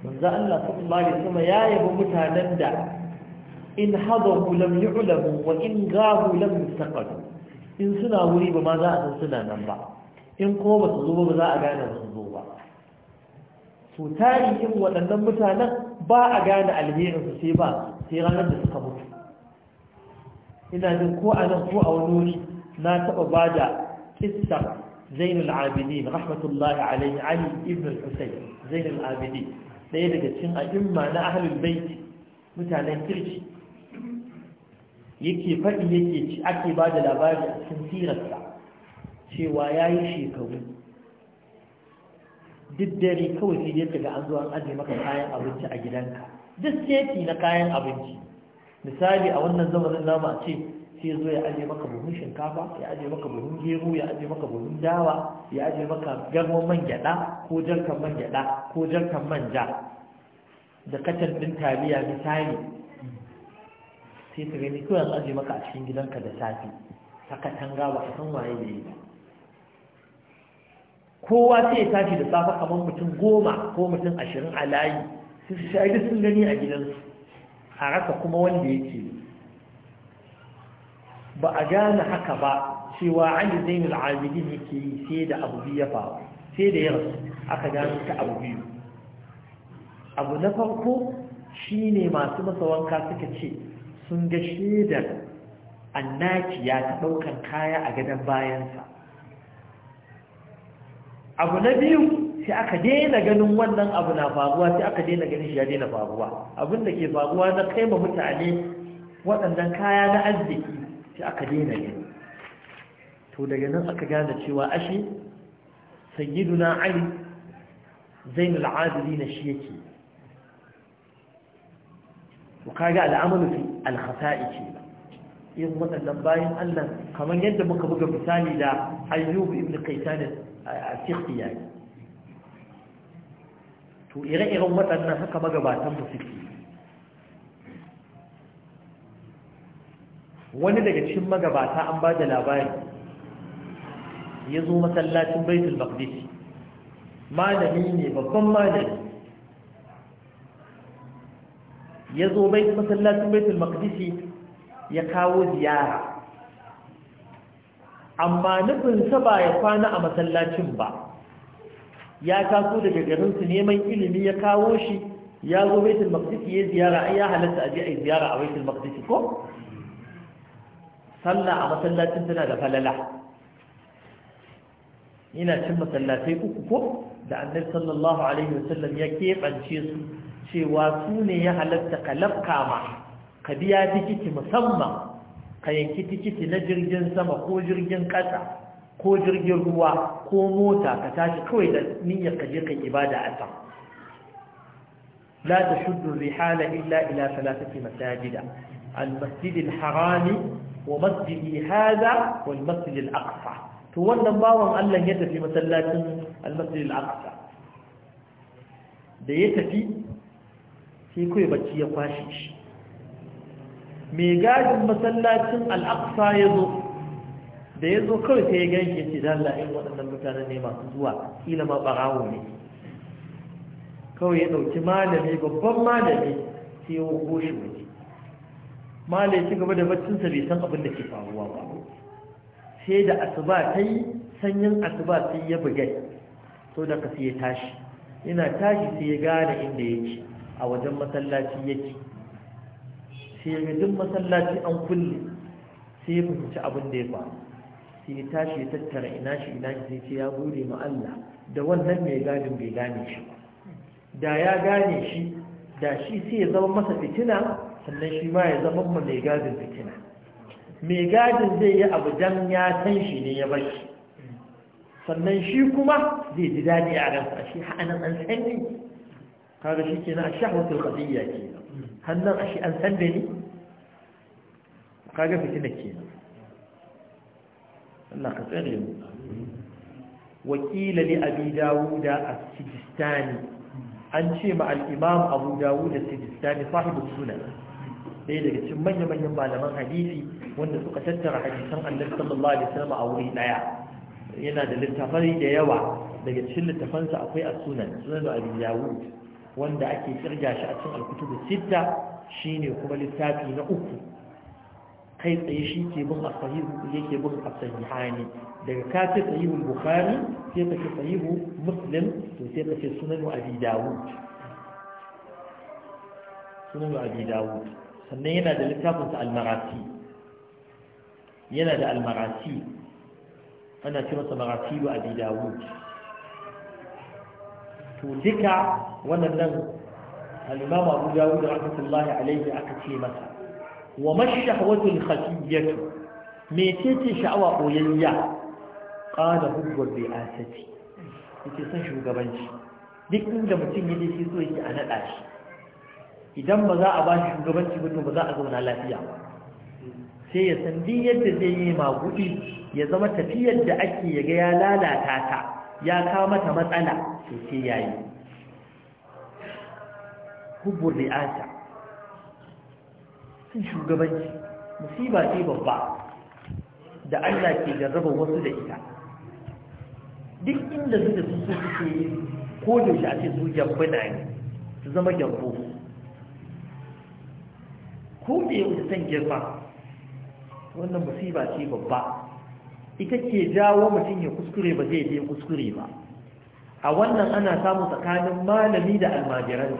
manzo Allah sallallahu alaihi wasallam ya yabo mutanen da in hadahu lam yu'lamu wa in gahu lam yustaqadu in suna wuri ba ma za a san suna nan ba in kuma ba su zo ba za a gane su zo to tari waɗannan mutanen ba a gane alherinsu sai ba sai ranar da suka mutu ina jin ko a nan ko a wani wuri na taɓa ba da ƙissar zainul abidin rahmatullahi alaihi ali ibn husayn zainul abidin ɗaya daga cikin a'imma na ahlul baiti mutanen kirki yake faɗi yake ci ake ba da labari a cikin sirarsa cewa ya yi shekaru duk dare kawai sai dai kaga an zo an aje maka kayan abinci a gidanka duk sai na kayan abinci misali a wannan zamanin zama a ce sai zo ya aje maka buhun shinkafa ya aje maka buhun gero ya aje maka buhun dawa ya aje maka garman man gyada ko jarkan man gyada ko jarkan manja da kacal din taliya misali sai ka gani kawai an aje maka a cikin gidanka da safe ta gaba ba san waye da yi ba kowa sai ya tashi da safa kamar mutum goma ko mutum ashirin a layi su shaidu sun gani a gidansu a raka kuma wanda yake ba a gane haka ba cewa zai zainul ne yake yi sai da abu biyu ya faru sai da ya aka gano ta abu biyu abu na farko shine masu masa wanka suka ce sun ga shaidar annaki ya ta ɗaukan kaya a gadon bayansa abu na biyu sai aka daina ganin wannan abu na faruwa sai aka daina ganin shi ya daina faruwa abin da ke faruwa na kai ma mutane waɗannan kaya na arziki sai aka daina gani to daga nan aka gane cewa ashe sayyiduna ali zainul na shi yake to kaga al'amalu fi al-khata'i ce yin waɗannan bayan Allah kamar yadda muka buga misali da ayyub ibn kaitan a fiqhiya to ire-iren waɗannan haka magabatan mu suke wani daga cikin magabata an ba da labari ya zo masallacin baitul maqdis malami ne babban malami ya zo masallacin baitul maqdis ya kawo ziyara amma nufinsa ba ya kwana a masallacin ba ya taso daga garinsu neman ilimi ya kawo shi ya zo baitul maqdisi ya ziyara ai ya halatta aje ai ziyara a baitul maqdisi ko sallah a masallacin tana da falala ina cin masallatai uku ko da annabi sallallahu alaihi wasallam ya keɓance su cewa su ne ya halatta ka ma ka biya tikiti musamman ka yanki tikiti na jirgin sama ko jirgin ƙasa ko jirgin ruwa ko mota ka tashi kawai da niyyar ka je kai ibada a can la tashuddu rihala illa ila thalathati masajida al-masjid al-harami wa masjidi hadha wal masjid al-aqsa to wannan bawan Allah ya tafi masallacin al-masjid al-aqsa da ya tafi sai kai bacci ya kwashe shi mai gajin masallacin al'aqsa ya zo da ya zo kawai sai ya ganke ce da Allah in waɗannan mutanen ne masu zuwa kila ma ɓarawo ne kawai ya ɗauki malami babban malami sai ya wuko shi waje malai ci gaba da baccinsa bai san abin da ke faruwa ba sai da asuba ta yi sanyin asuba sai ya bugai so da ka sai ya tashi yana tashi sai ya gane inda yake a wajen masallaci yake sai ga duk masallaci an kulle sai ya fahimci abin da ya faru sai ya tashi ya tattara ina shi ina shi sai ya gode ma Allah da wannan mai gadin bai gane shi da ya gane shi da shi sai ya zama masa fitina sannan shi ma ya zama ma mai gadin fitina mai gadin zai yi abu dan ya san shi ne ya bashi sannan shi kuma zai ji daɗi a ransa shi ha'anan an sanni kaga shi kenan a shahwatul qadiyya kenan hannun ashe an san da ni kaga fitina ke Allah ka tsere mu wakila li abi dawuda as-sijistani an ce ma al-imam abu dawud as-sijistani sahibu sunan dai daga cikin manya-manyan malaman hadisi wanda suka tattara hadisan annabi sallallahu alaihi wasallam a wuri daya yana da littafai da yawa daga cikin littafansa akwai as-sunan sunan abi dawud wanda ake kirga shi a cikin alkutubu sitta shine kuma littafi na uku kai tsaye shi ke bin asahihu yake bin asahihani daga ka ce sahihul bukhari sai ka ce sahihu muslim to sai ka ce sunan abi dawud sunan abi dawud sannan yana da littafin sa al-marasi yana da al-marasi ana ce masa marasi abi dawud to duka wannan nan imam Abu Dawud rahmatullahi alayhi aka ce masa wa mashahwatu al me ce ce sha'awa koyayya qala hubbu bi'asati yake son shugabanci duk inda mutum ya dace so yake a naɗa shi idan ba za a ba shi shugabanci ba to ba za a zauna lafiya sai ya san duk yadda zai yi magudi ya zama tafiyar da ake ya ga ya lalata ta ya kawo mata matsala to sai yayi hubbu ri'asa sun shugabanci musiba ce babba da Allah ke jarraba wasu da ita duk inda suka su suke ko da shi a ce su ne su zama gyambo ko da yau da san girma wannan musiba ce babba ita ke jawo mutum ya kuskure ba zai je kuskure ba a wannan ana samu tsakanin malami da almajiran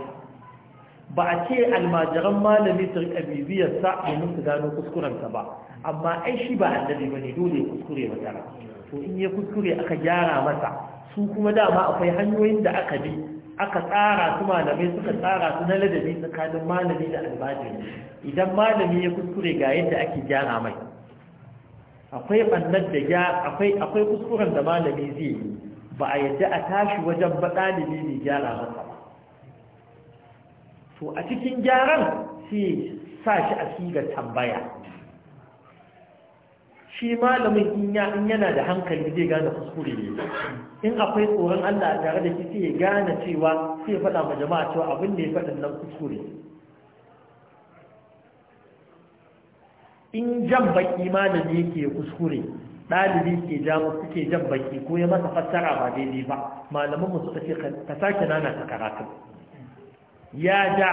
ba a ce almajiran malami su rika bibiyarsa domin su gano kuskurensa ba amma ai shi ba annabi ba ne dole ya kuskure tara to in ya kuskure aka gyara masa su kuma dama akwai hanyoyin da aka bi aka tsara su malamai suka tsara su na ladabi tsakanin malami da albajiri idan malami ya kuskure ga yadda ake gyara mai akwai bannar da ya akwai akwai kuskuren da malami zai yi ba a yadda a tashi wajen ba ɗalibi ne gyara masa ba to a cikin gyaran sai sa shi a siga tambaya shi malamin in yana da hankali zai gane kuskure ne in akwai tsoron Allah tare da shi sai ya gane cewa sai ya faɗa ma jama'a cewa abin da ya faɗin nan kuskure in jan baki malami ke kuskure ɗalibi ke ja suke jan baki ko ya masa fassara ba daidai ba malaman mu suka ce ka sake nana ka karatu ya ja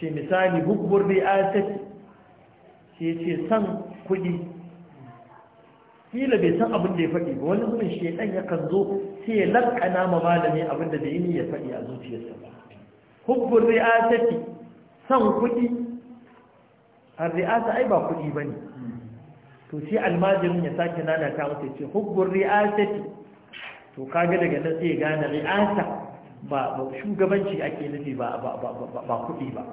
ce misali hukbur ri'asati ce ce san kuɗi kila bai san abin da ya faɗi ba wani zuwan shekan ya kan zo sai ya lakana ma malami abin da bai yi ya faɗi a zuciyarsa ba bi ri'asati san kuɗi ai ba الرئاسة أي باقو إيباني توسي الماجر ta يساكي نانا كاوتي ri'asa ce." to kage daga nan sai gane ri'asa ba shugabanci ake nufi ba kuɗi ba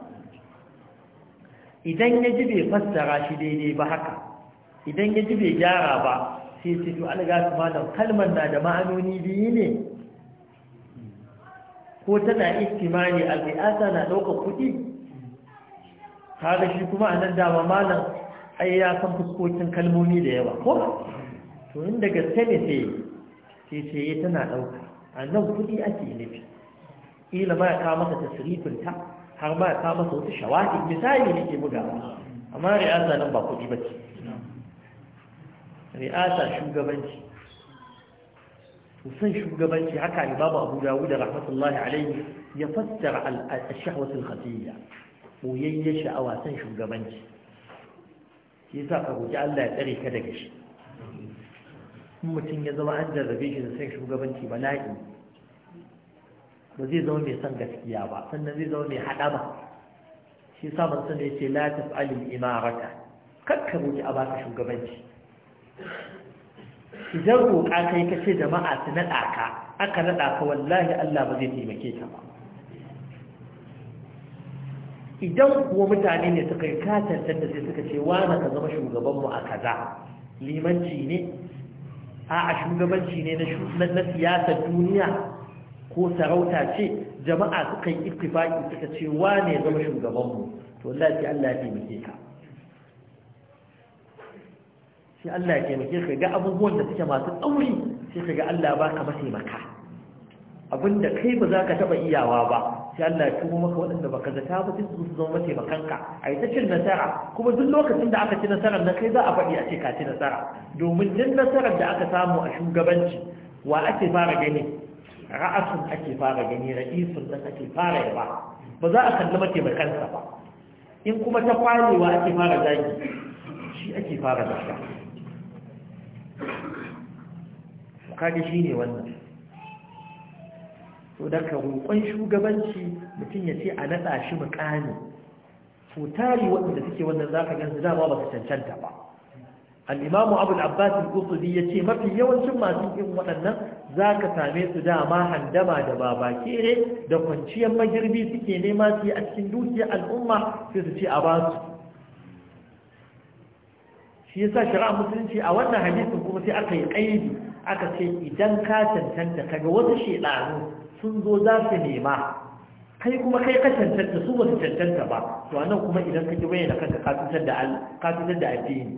idan ya ji bai fassara shi daidai ba haka idan ya ji bai gyara ba sai sai to alga su malam kalmar na da ma'anoni biyu ne ko tana ikimani al-ri'asa na ɗaukar kuɗi kaga shi kuma a nan dama malam ai ya san fuskokin kalmomi da yawa ko to inda gaske ne sai sai sai eh, tana ɗauka a nan kuɗi ake nufi ƙila ma ya kawo masa tasirifinta har ma ya kawo masa wata shawaki misali ne ke bugawa amma ri'asa nan ba kuɗi ba ce ri'asa shugabanci وسن شغبانشي حكى عن بابا أبو داود رحمة ya fassara يفسر الشهوة الخفية ɓoyayye sha'awa son shugabanci shi yasa ka guji Allah ya tsare ka daga shi in mutum ya zama an jarrabe shi da son shugabanci ba na'i ba zai zama mai son gaskiya ba sannan zai zama mai haɗa ba shi yasa ban san da yace la taf'alil imarata kakka guji a baka shugabanci idan roƙa kai ka ce jama'a su naɗa ka aka naɗa ka wallahi Allah ba zai taimake ka ba idan kuwa mutane ne suka yi katar da sai suka ce wane ka zama shugabanmu a kaza limanci ne a a shugabanci ne na siyasar duniya ko sarauta ce jama'a suka yi baƙi suka ce wane ya zama shugabanmu to lafi Allah ya taimake ka sai Allah ya taimake ka ga abubuwan da suke masu tsauri sai ka ga Allah ba ka mataimaka abinda kai ba za ka taba iyawa ba sai Allah ya tubo maka waɗanda baka zata ba duk su zama mace bakanka a yi ta cin nasara kuma duk lokacin da aka ci nasarar na kai za a faɗi a ce ka ci nasara domin duk nasarar da aka samu a shugabanci wa ake fara gani ra'asun ake fara gani ra'isun nan ake fara yaba ba za a kalli mace bakansa ba in kuma ta kwanewa ake fara zagi shi ake fara zaga kaga shine wannan so da ka roƙon shugabanci mutum ya ce a naɗa shi mukami so tari waɗanda suke wannan za ka gansu dama ba su cancanta ba al'imamu abu al'abbas al'usuli ya ce mafi yawancin masu yin waɗannan za ka same su dama handama da Kere da kwanciyar magirbi suke nema su yi a cikin dukiyar al'umma sai su ce a ba su shi yasa shari'a musulunci a wannan hadisin kuma sai aka yi ƙaidi aka ce idan ka cancanta kaga wasu shedanu sun zo za su nema kai kuma kai ka cancanta su ba su cancanta ba to anan kuma idan ka ki bayyana kanka ka da ka addini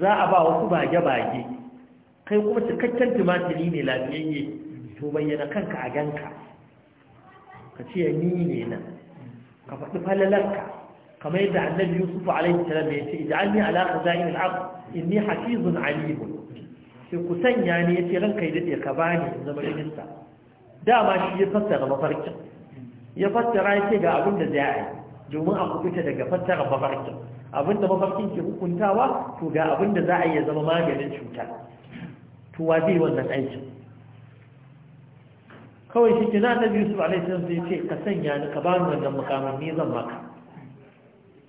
za a ba wasu bage bage kai kuma cikakken tumatiri ne lafiyayye to bayyana kanka a ganka ka ce ni ne nan ka faɗi falalarka kamar yadda annabi yusuf alaihi salam ya ce ij'alni alaƙa khaza'in al in ni hafizun alim sai ku sanya ne yace ranka yi dade ka bani in zama minista dama shi ya fassara mafarkin ya fassara ya ce ga abin da a yi domin a kuɓuta daga fassara mafarkin abin da mafarkin ke hukuntawa to ga abin da za a iya zama maganin cuta to wa zai wannan aikin kawai shi ke na annabi yusuf alaihi salam zai ce ka sanya ni ka bani wannan mukamin ni zan maka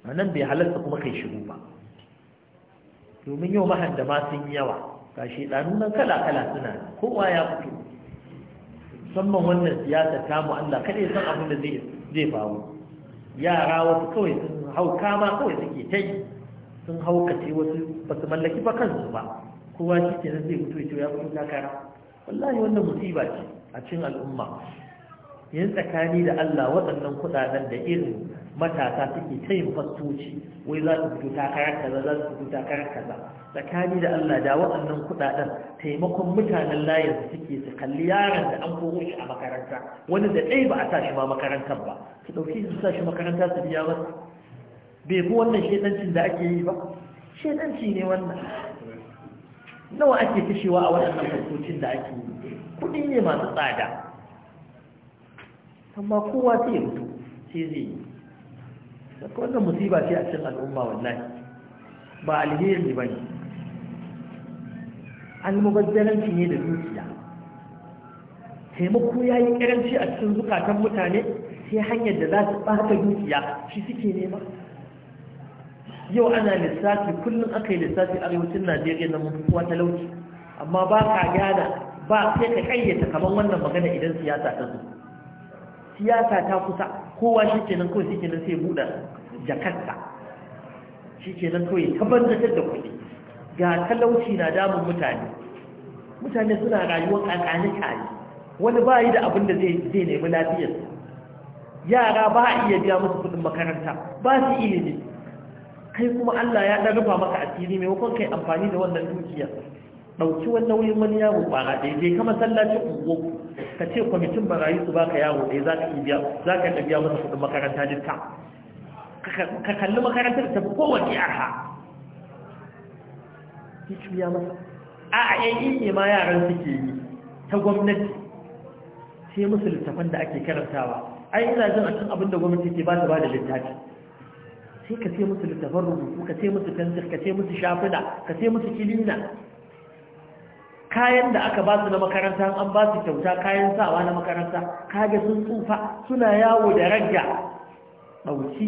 nan bai halarta kuma kai shigo ba domin yau mahanda ma sun yawa ga shi nan kala kala suna kowa ya fito musamman wannan siyasa ta mu Allah kada ya san abin da zai faru yara wasu kawai sun hauka ma kawai suke ta yi sun haukace wasu ba su mallaki ba kansu ba kowa shi ke zai mutu ya ce ya fito takara wallahi wannan musiba ce a cikin al'umma yin tsakani da Allah waɗannan kuɗaɗen da irin matasa suke kai fastoci wai za su fito takarar kaza za su fito takarar kaza tsakani da Allah da waɗannan kuɗaɗen taimakon mutanen layin suke su kalli yaron da an koko shi a makaranta wani da ɗaya ba a sa shi ma makarantar ba su ɗauki su sa shi makaranta su biya masu bai fi wannan shaidancin da ake yi ba Shaidanci ne wannan nawa ake kashewa a waɗannan fastocin da ake yi kuɗi ne masu tsada amma kowa sai ya fito sai zai yi saka wannan musiba ce a cikin al'umma wallahi ba alheri ba ne almubazzaranci ne da dukiya taimako ya yi karanci a cikin zukatan mutane sai hanyar da za su ɓata dukiya shi suke nema yau ana lissafi kullum aka yi lissafi arewacin najeriya na mutuwa talauci amma ba ka gana ba sai ka kayyata kamar wannan magana idan siyasa ta siyasa ta kusa kowa shi nan kawai shi nan sai buɗa jakarta shi nan kawai tabbatar da kuɗi ga talauci na damun mutane mutane suna rayuwar ƙanƙanin ƙari, wani ba yi da abin da zai nemi lafiyarsa yara ba a iya biya musu kuɗin makaranta ba su ilimi kai kuma Allah ya ɗan rufa maka asiri maimakon kai amfani da wannan dukiyar ɗauki wani nauyin wani yaro ƙwara daidai ya je kama sallacin unguwarku ka ce kwamitin barayi su baka yawo ɗaya za ka biya za ka biya masa kuɗin makaranta dukka ka kalli makarantar ta kowace arha ya cuya masa a a yan e ne ma yaran suke yi ta gwamnati sai musu littafan da ake karantawa ai ina jin a cin abin da gwamnati ke ba ta ba da littafi sai ka ce musu littafan rubutu ka ce musu fensir ka ce musu shafuna ka ce musu kilina kayan da aka ba su na makaranta an ba su kyauta kayan sawa na makaranta kaga sun tsufa suna yawo da ragga ɗauki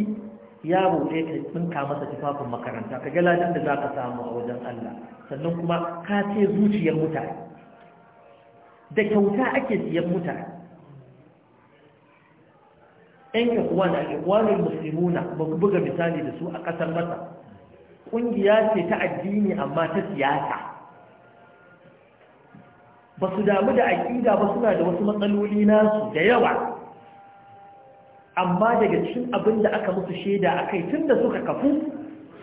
yaro ɗaya ka tsinka masa tufafin makaranta ka ga ladan da za ka samu a wajen Allah sannan kuma ka ce zuciyar mutane da kyauta ake siyan mutane kuwa ikwana ikwanin musulmuna ba ku buga misali da su a ƙasar masa ƙungiya ce ta addini amma ta siyasa ba su damu da aƙida ba suna da wasu matsaloli nasu da yawa amma daga cikin abin da aka musu shaida a kai tun da suka kafu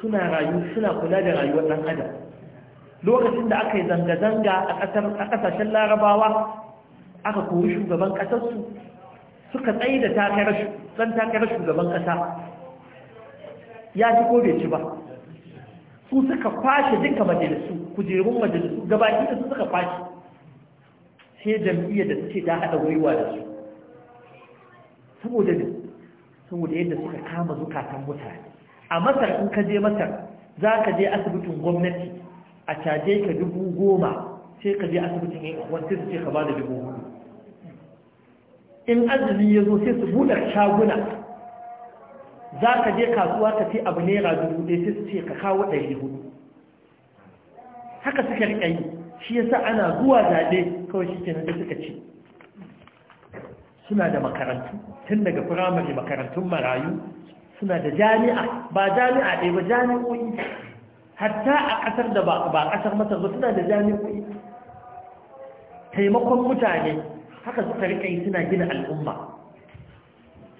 suna rayu suna kula da rayuwar ɗan adam lokacin da aka yi zanga-zanga a ƙasashen larabawa aka kori shugaban ƙasarsu suka tsaye da ɗan takarar shugaban ƙasa ya ci ko ci ba su suka fashe duka majalisu kujerun majalisu gabaki da su suka fashe. sai jam'iyyar da suke ta haɗa gwiwa da su saboda saboda yadda suka kama zukatan mutane a masar in ka je masar za ka je asibitin gwamnati a caje ka dubu goma sai ka je asibitin yin kwanci su ce ka ba da dubu hudu in azumi ya zo sai su buɗe shaguna za ka je kasuwa ka ce abu naira dubu ɗaya sai su ce ka kawo ɗari hudu haka suka riƙa yi shi yasa ana zuwa zaɓe kawai shi kenan da suka ce suna da makarantu tun daga firamare makarantun marayu suna da jami'a ba jami'a ɗaya ba jami'o'i hatta a ƙasar da ba ƙasar masar ba suna da jami'o'i taimakon mutane haka suka riƙa yi suna gina al'umma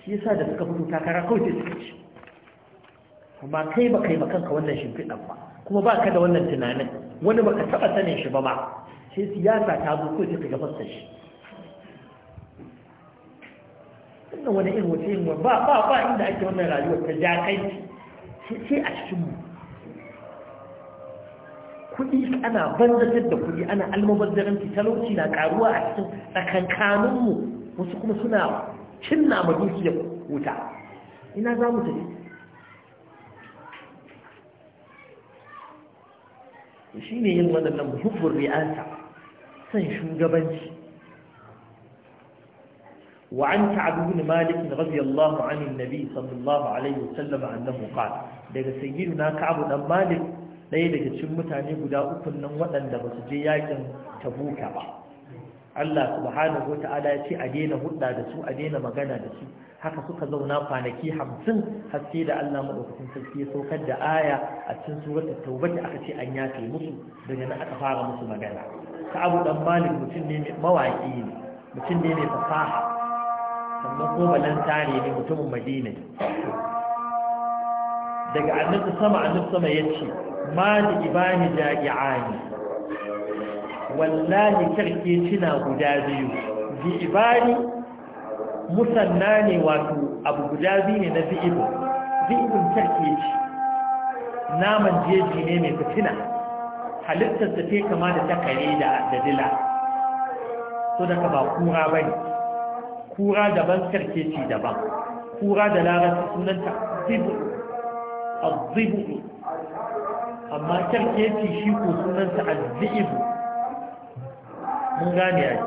shi yasa da suka fito takara kawai sai suka ce ba kai ba kai kanka wannan shimfiɗan ba kuma ba ka da wannan tunanin wani ba ka taɓa sanin shi ba ba. sai siyasa ta zo ko sai ka gabar da shi wannan wani irin wace yin ba ba ba inda ake wannan rayuwar ta ja kai sai a cikin mu kuɗi ana banzatar da kuɗi ana almubazzaranci talauci na karuwa a cikin mu wasu kuma suna cinna ma dukiyar wuta ina za mu tafi to shi ne yin waɗannan hubbun ri'asa son shugabanci وعن كعب بن مالك رضي الله عن النبي صلى الله عليه a أنه قال daga na ka'abu dan malik ɗaya daga cikin mutane guda uku nan waɗanda ba su je yakin tabuka ba Allah subhanahu wa ta'ala ya ce a daina hudda da su a daina magana da su haka suka zauna kwanaki hamsin har da Allah madaukakin sarki ya saukar da aya a cikin suratul tauba da aka ce an yafe musu daga nan aka fara musu magana ka abu dan malik mutum ne mai mawaki ne mutum ne mai fasaha sannan ko tare ne mutumin madina daga annabi sama annabi sama yace ma da ibani ja'iani wallahi kyarke cina guda biyu zi'ibari musanna ne wato abu guda biyu ne na zi'ibin zi'ibin kyarke ci naman jeji ne mai fitina halittar da ta kama da ta kare da dalila. so daga ba kura ba ne kura daban kyarke ci daban kura da larasa sunanta zibu a zibu amma kyarke ci shi ko sunanta a zibu mun gane ai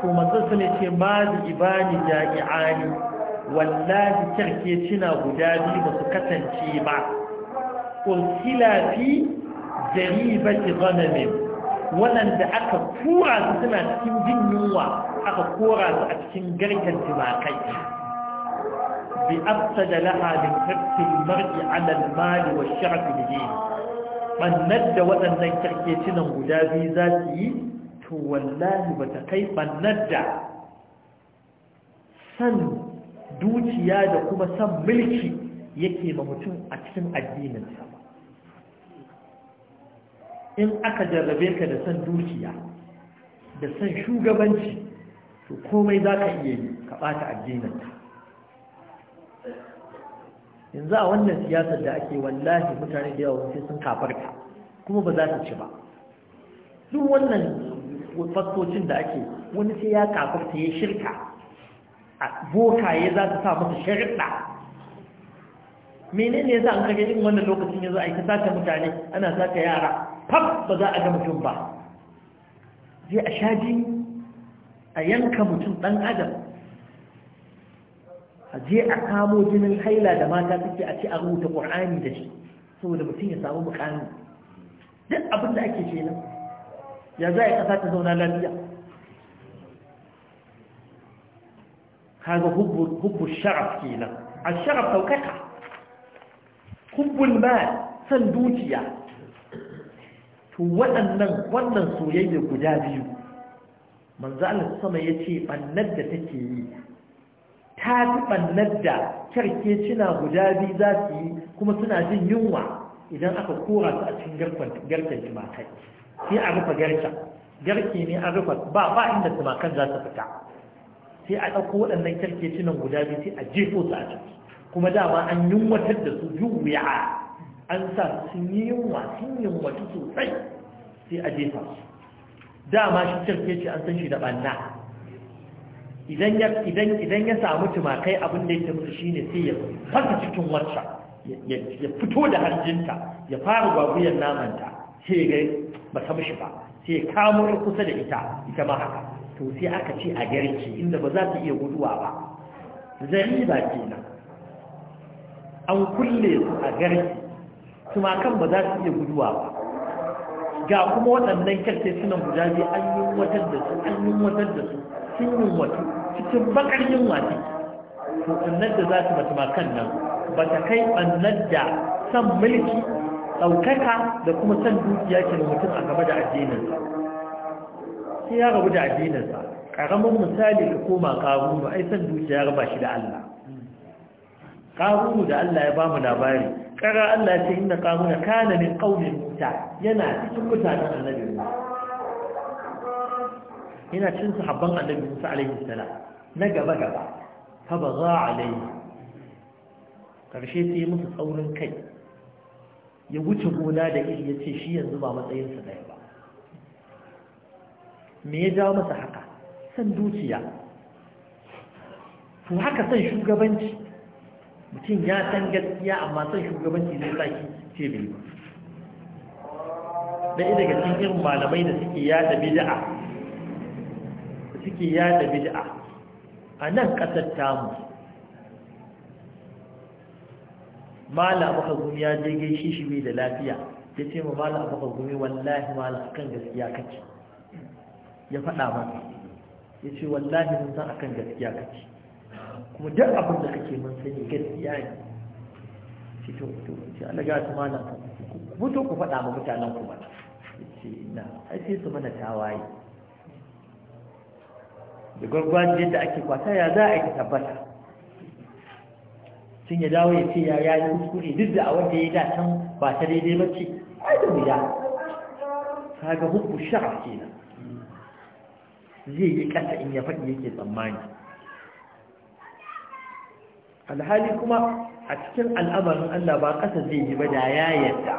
to manzon ne ce ma bi ibani ja'iani wallahi kirke cina guda biyu ba su kasance ba ursila fi jaribati ghanamin waɗanda aka kura su suna cikin jin yunwa aka kora su a cikin garken timakai bi afsada laha min hirsi mar'i ala mali wa sharaf al-din bannar da waɗannan kirkecinan guda biyu za su yi to wallahi ba ta kai bannar da san dukiya da kuma san mulki yake ma mutum a cikin addinin addininsa in aka jarrabe ka da san dukiya da san shugabanci to komai za ka iya yi ka ɓata addininka yanzu a wannan siyasar da ake wallahi mutane da yawa sai sun kafarta kuma ba za su ci ba duk wannan fastocin da ake wani sai ya kafarta ya shirka a bokaye za sa masa sharaɗa menene yasa an kage irin wannan lokacin yanzu a yi ta sace mutane ana sace yara fab ba za a ga mutum ba zai a shaji a yanka mutum ɗan adam a je a kamo jinin haila da mata suke a ce a rubuta ƙur'ani da shi saboda mutum ya samu buƙani. duk abin da ake kenan ya za a ƙasa ta zauna lafiya kaga hubbu sharaf kenan a sharaf saukaka hubbun ba san dukiya to waɗannan wannan soyayya guda biyu manzo Allah sama ce bannar da take yi ta fi bannar da kyarkecina guda biyu za su yi kuma suna jin yunwa idan aka kora su a cikin garkan jimakai sai a rufe garka garke ne an rufe ba ba inda tumakan za su fita sai a ɗauko waɗannan kyarkecinan guda biyu sai a jefo su a ciki kuma dama an yunwatar da su wuya. an sa sun yi yunwa sun yunwatu sosai sai a jefa su dama shi kyarkeci an san shi da ɓanna idan ya samu tumakai abin da ya musu ne sai ya fasa cikin wacce ya fito da harjinta ya fara gwagwiyar namanta sai ga ba ta mishi ba sai kamo ya kusa da ita ita ma haka to sai aka ce a garki inda ba za ta iya guduwa ba ba ke na. an kulle su a garki tumakan ba za su iya guduwa ba ga kuma waɗannan kyarta suna guda biyu an yi watar da su an yi watar da su sun yi wato, cikin bakar yin wasi to annar da za su ba tumakan nan ba ta kai annar da san mulki ɗaukaka da kuma san dukiya ke da mutum a gaba da addininsa sai ya rabu da addininsa ƙaramin misali ka koma ƙarunu ai san dukiya ya raba shi da Allah ƙarunu da Allah ya ba mu labari ƙara Allah ce inda ƙaruna kana min ƙaunin muta yana cikin mutanen annabi yana cin sahabban annabi Musa alaihi salam na gaba gaba fa baza alaihi karshe sai musu tsaurin kai ya wuce gona da iri ya ce shi yanzu ba matsayinsa ɗaya ba me ya jawo masa haka san dukiya to haka san shugabanci mutum ya san gaskiya amma san shugabanci zai sa shi ce bai ba da ina daga cikin irin malamai da suke yada bid'a suke yada bid'a a nan ƙasar tamu mala abu gumi ya je gaishe shi bai da lafiya ya ce ma mala abu gumi wallahi mala akan gaskiya kace ya faɗa mana ya ce wallahi mun san akan gaskiya kace kuma duk abin da kake mun sani gaskiya ne ce to to shi Allah ga su mala ku to ku faɗa ma mutanen ku ba Ya ce na ai sai su mana tawaye da gwargwajin da ake kwata ya za a yi tabbata sun ya dawo ya ce ya yi kuskure duk da a wanda ya da can ba ta daidai ba ce ai da wuya ga hukku sha'a kenan zai yi kasa in ya faɗi yake tsammani alhali kuma a cikin al'amarin Allah ba kasa zai yi ba da ya yarda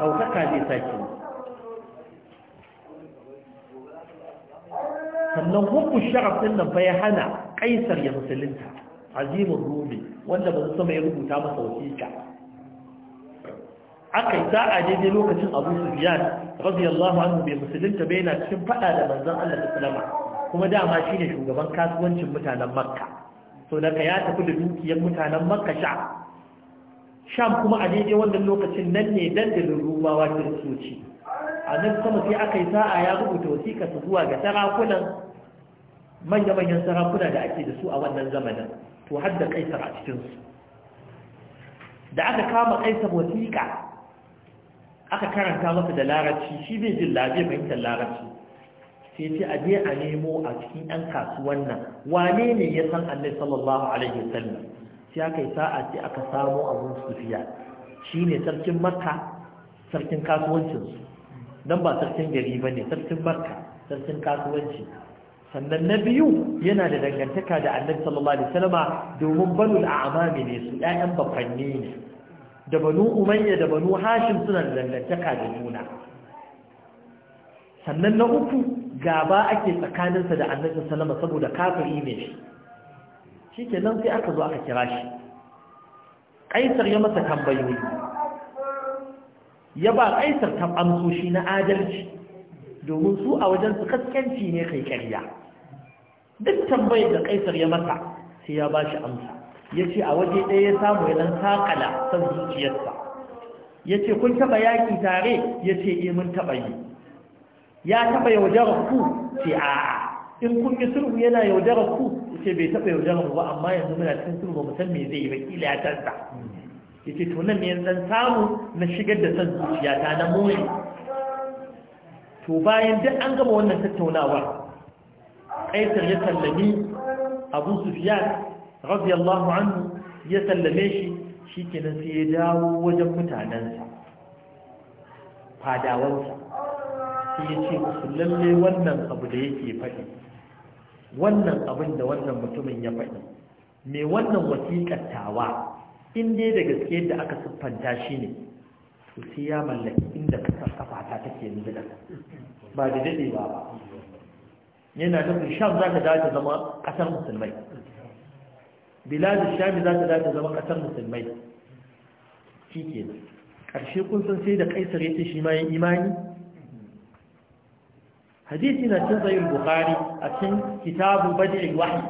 ɗaukaka zai sake sannan hukku sha'a sun nan bai hana kaisar ya musulunta azimin rumi wanda ba su sama ya rubuta masa wasiƙa aka yi a daidai lokacin abu sufiyan radiyallahu anhu bai musulunta bai yana cikin faɗa da manzan Allah ta salama kuma dama ne shugaban kasuwancin mutanen makka so daga ya tafi da dukiyar mutanen makka sha sham kuma a daidai wannan lokacin nan ne dandalin rumawa kiristoci a nan sama sai aka yi sa'a ya rubuta wasiƙa zuwa ga sarakunan manya-manyan sarakuna da ake da su a wannan zamanin to hadda kaisar a cikinsu da aka kama kaisar wasiƙa aka karanta masa da larabci shi zai jin labe ta larabci sai ce a je a nemo a cikin 'yan kasuwan nan wane ne ya san annai sallallahu alaihi wasallam sai aka yi sa'a ce aka samo abun sufiya shi ne sarkin makka sarkin kasuwancinsu don ba sarkin gari ba ne sarkin makka sarkin kasuwanci sannan na biyu yana da dangantaka da annabi sallallahu alaihi wasallama domin banu a'mami ne su ƴaƴan bafanni ne da banu umayya da banu hashim suna da dangantaka da juna sannan na uku gaba ake tsakaninsa da annabi sallama saboda kafiri ne shi shikenan sai aka zo aka kira shi kaisar ya masa tambayoyi ya ba kaisar ta na adalci domin su a wajen su kaskanci ne kai ƙarya duk tambayar da kaisar ya masa sai ya ba shi amsa ya ce a waje ɗaya ya samu ya dan sakala san zuciyarsa ya ce kun taɓa yaƙi tare ya ce e mun taɓa yi ya taɓa yaudarar ku ce a in kun yi sulhu yana yaudarar ku ce bai taɓa yaudarar ku ba amma yanzu muna cikin sulhu ba mu me zai yi ba kila ya canza. ya ce nan ne yanzu samu na shigar da san zuciya ta na more to bayan duk an gama wannan tattaunawa. kaisar ya sallami abu sufiyan radiyallahu anhu ya sallame shi shi kenan sai ya dawo wajen mutanensa fadawansa sai ya ce su lalle wannan abu da yake faɗi wannan abin da wannan mutumin ya faɗi mai wannan wasiƙar tawa in dai da gaske da aka siffanta shi ne to sai ya mallaki inda kasar kafata take nuna. ba da daɗewa ba yana nufin sham za ta dace zama ƙasar musulmai bilad sham za ta dace zama ƙasar musulmai shi ke ƙarshe kun san sai da kaisar ya ce shi ma ya imani hadisi na cin zayin bukhari a cikin kitabu badi'il wahyi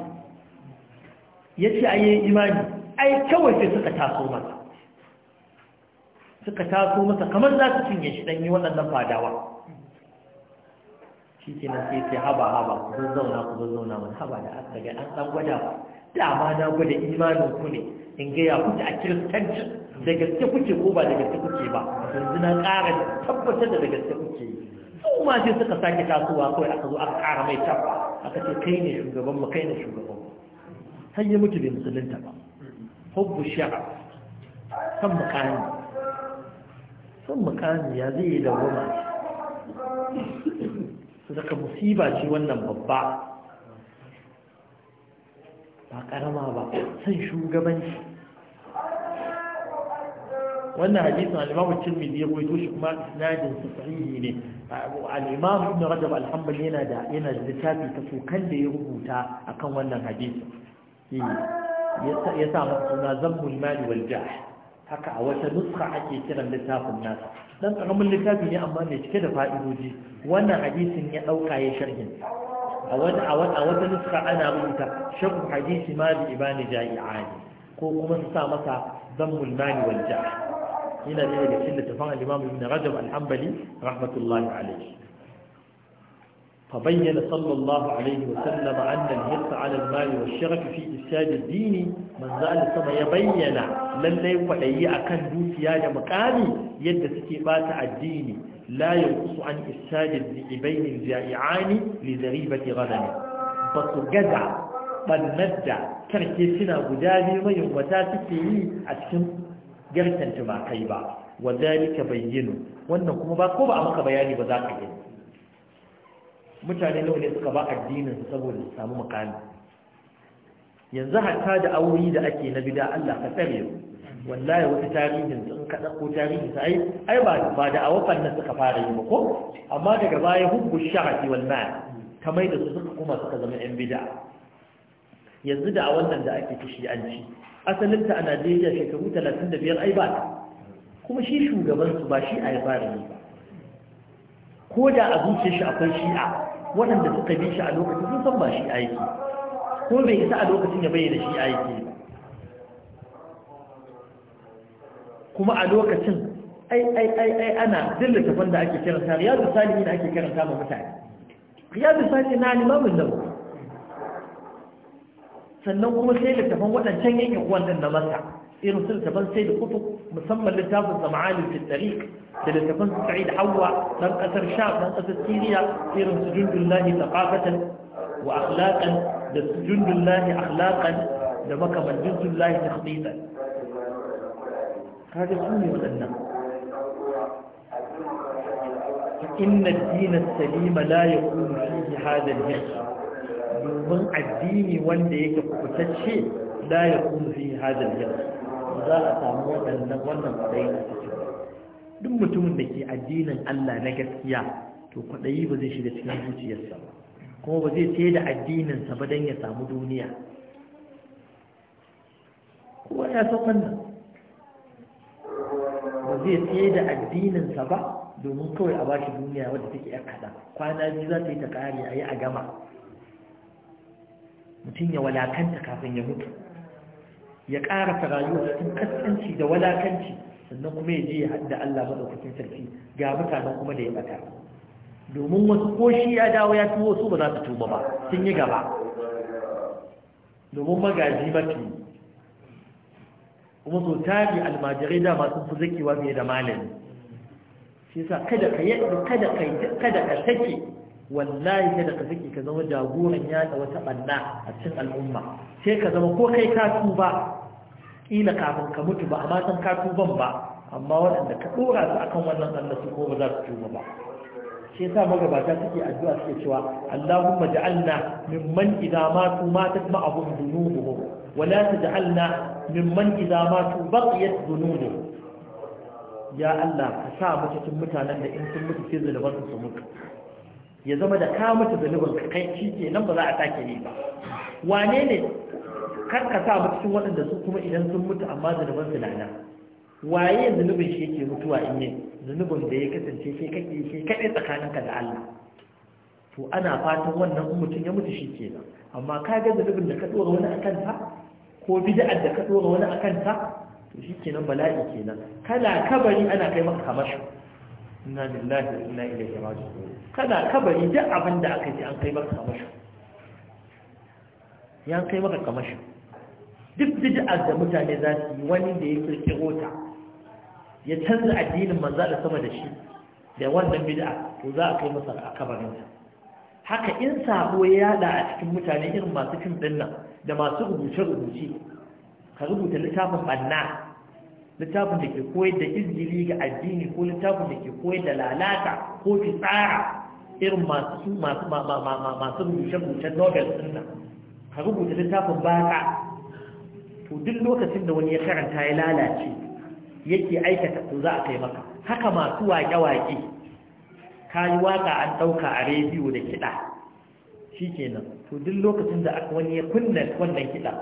yace ayi imani ai kawai sai suka taso masa suka taso masa kamar za su cinye shi dan yi waɗannan fadawa shi ke nan sai ce haba haba ku zan zauna ku zan zauna wani haba da aka ga an san gwada ba dama na gwada imanin ku ne in gaya kuke a kiristanci da gaske kuke ko ba da gaske kuke ba yanzu na ƙara tabbatar da da gaske kuke su ma sai suka sake tasowa kawai aka zo aka ƙara mai tabba aka ce kai ne shugaban mu kai ne shugaban mu san yi mutu bai musulunta ba hubbu sha'a san mukami san mukami ya zai yi goma su daga musiba ce wannan babba ba karama ba san shugabanci wannan hadisin al-imamu tirmidhi ya goyo shi kuma isnadin sa sahihi ne al ibn rajab al yana da yana da littafi ta kokan da ya rubuta akan wannan hadisin ya sa masa suna zammul mali wal haka a wata nuska ake kiran littafin nasa ɗan karamin littafi ne amma mai cike da fa'idoji wannan hadisin ya ɗauka ya sharhin a wata a ana rubuta shaku hadisi ma bi ibani ja'i'ani ko kuma su sa masa zammul mulmani wal jah' ina ne daga cikin littafin al-imam ibn rajab al rahmatullahi alayhi فبين صلى الله عليه وسلم أن الهرس على المال والشرف في إفساد الدين من ذلك ثم يبين للي وحي أكن دوسيا مقامي يد سكيبات الدين لا ينقص عن إفساد الذئبين الجائعان لذريبة غنم بس جدع بنجع كركيسنا غدالي ويومتاتكي أتكن جرسا تما كيبا وذلك بينه وأنكم باقوا بأمك بياني بذاك بياني mutane nawa ne suka ba addinin saboda su samu mukami yanzu hatta da aure da ake na bida Allah ka tsare wallahi wata tarihin sun ka ko tarihi sa? ai ba ba da awafan nan suka fara yi ba ko amma daga baya hubbu shahati wal mal kamar da su suka kuma suka zama yan bid'a yanzu da a wannan da ake kishi an ci asalin ta a Najeriya shekaru 35 ai ba kuma shi shugaban su ba shi a fara yi ba ko da a zuciyar shi akwai shi'a waɗanda suka bi shi a lokacin sun san ba shi aiki, ko bai isa a lokacin ya bayyana shi'a yake kuma a lokacin ai ai ai ai ana dillata da ake karanta riyadu salihin ake karanta ma mutane riyadu salihin na limamin nawawi sannan kuma sai littafan waɗancan yankin wannan na masa إيه رسالة كمان سيد الكتب مسمى لتاب الزمعالي في التاريخ سيد كمان سعيد حواء من أثر الشعب من أثر سيريا إيه رسالة جند الله ثقافة وأخلاقا جند الله أخلاقا لبك من جند الله تخطيطا هذا سوني ولنا إن الدين السليم لا يكون فيه هذا الهجر من الدين وان ديك لا يكون فيه هذا الهجر za a samu waɗannan wannan kwaɗayi a cikin duk mutumin da ke addinin Allah na gaskiya to kwaɗayi ba zai shiga cikin zuciyarsa ba kuma ba zai sai da addininsa ba don ya samu duniya kowa ya san wannan ba zai sai da addininsa ba domin kawai a bashi duniya wadda take yan kaɗan kwana biyu za ta yi ta ƙari a yi a gama mutum ya walakanta kafin ya mutu ya ƙara ta rayuwa cikin kaskanci da walakanci sannan kuma ya je ya hadda Allah madaukakin sarki ga mutanen kuma da ya bata domin wasu ko shi ya dawo ya tuwo su ba za su tuba ba sun yi gaba domin magaji mafi kuma so tari almajirai dama sun fi zakewa fiye da malami shi sa kada ka yi kada ka kada ka take wallahi kada ka saki ka zama jagoran yada wata banna a cikin al'umma sai ka zama ko kai ka tuba kila kafin ka mutu ba amma san ka tuban ba amma waɗanda ka ɗora su akan wannan Allah su ko ba za su tuba ba shi yasa magabata suke addu'a suke cewa Allahumma ja'alna mimman idza matu matat ma'ahum dhunubuhum wa la taj'alna mimman idza matu baqiyat dhunubuhum ya Allah ka sa mu mutanen da in sun mutu sai zalubar su mutu ya zama da ka mutu zalubin ka kai shi ke nan ba za a sake ni ba wane ne kar ka sa mu cikin waɗanda su kuma idan sun mutu amma zunuban su lana waye zunubin shi yake mutuwa in yi zunubin da ya kasance shi kake shi kaɗai tsakaninka da Allah to ana fatan wannan mutum ya mutu shi kenan amma ka ga zunubin da ka ɗora wani akan ta ko bid'a da ka ɗora wani akan ta to shi kenan bala'i kenan kana kabari ana kai maka kamar inna lillahi wa inna ilaihi raji'un kana kabari duk abin da aka ji an kai maka kamar yan kai maka kamar duk bid'ar da mutane za su yi wani da ya kirkiro ta ya canza addinin manzo da sama da shi da wannan bid'a to za a kai masa a kabarin sa haka in sabo ya yada a cikin mutane irin masu fim dinna da masu rubuce rubuce ka rubuta littafin banna littafin da ke koyar da izgili ga addini ko littafin da ke koyar da lalata ko fitsara irin masu masu masu rubuce rubuce nobel sunna, ka rubuta littafin baka to duk lokacin da wani ya karanta ya lalace yake aikata to za a kai maka haka masu waƙe-waƙe ka yi waƙa an ɗauka a rediyo da kiɗa shi kenan to duk lokacin da wani ya kunna wannan kiɗa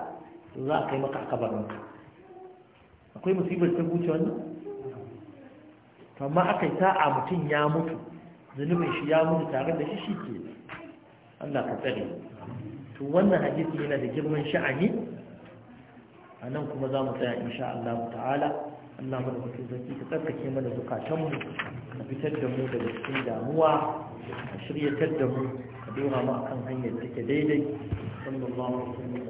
to za a kai maka bar maka, akwai musibar ta wuce wannan amma aka yi sa'a mutum ya mutu zunubin shi ya mutu tare da shi shi ke Allah ka tsare to wannan hadisi yana da girman sha'ani nan kuma za mu tsaya insha Allah ta'ala Allah mu da mutum zaki ka tsarkake mana zukatanmu ka fitar da mu daga cikin damuwa ka shiryatar da mu ka dora mu akan hanyar take daidai sallallahu alaihi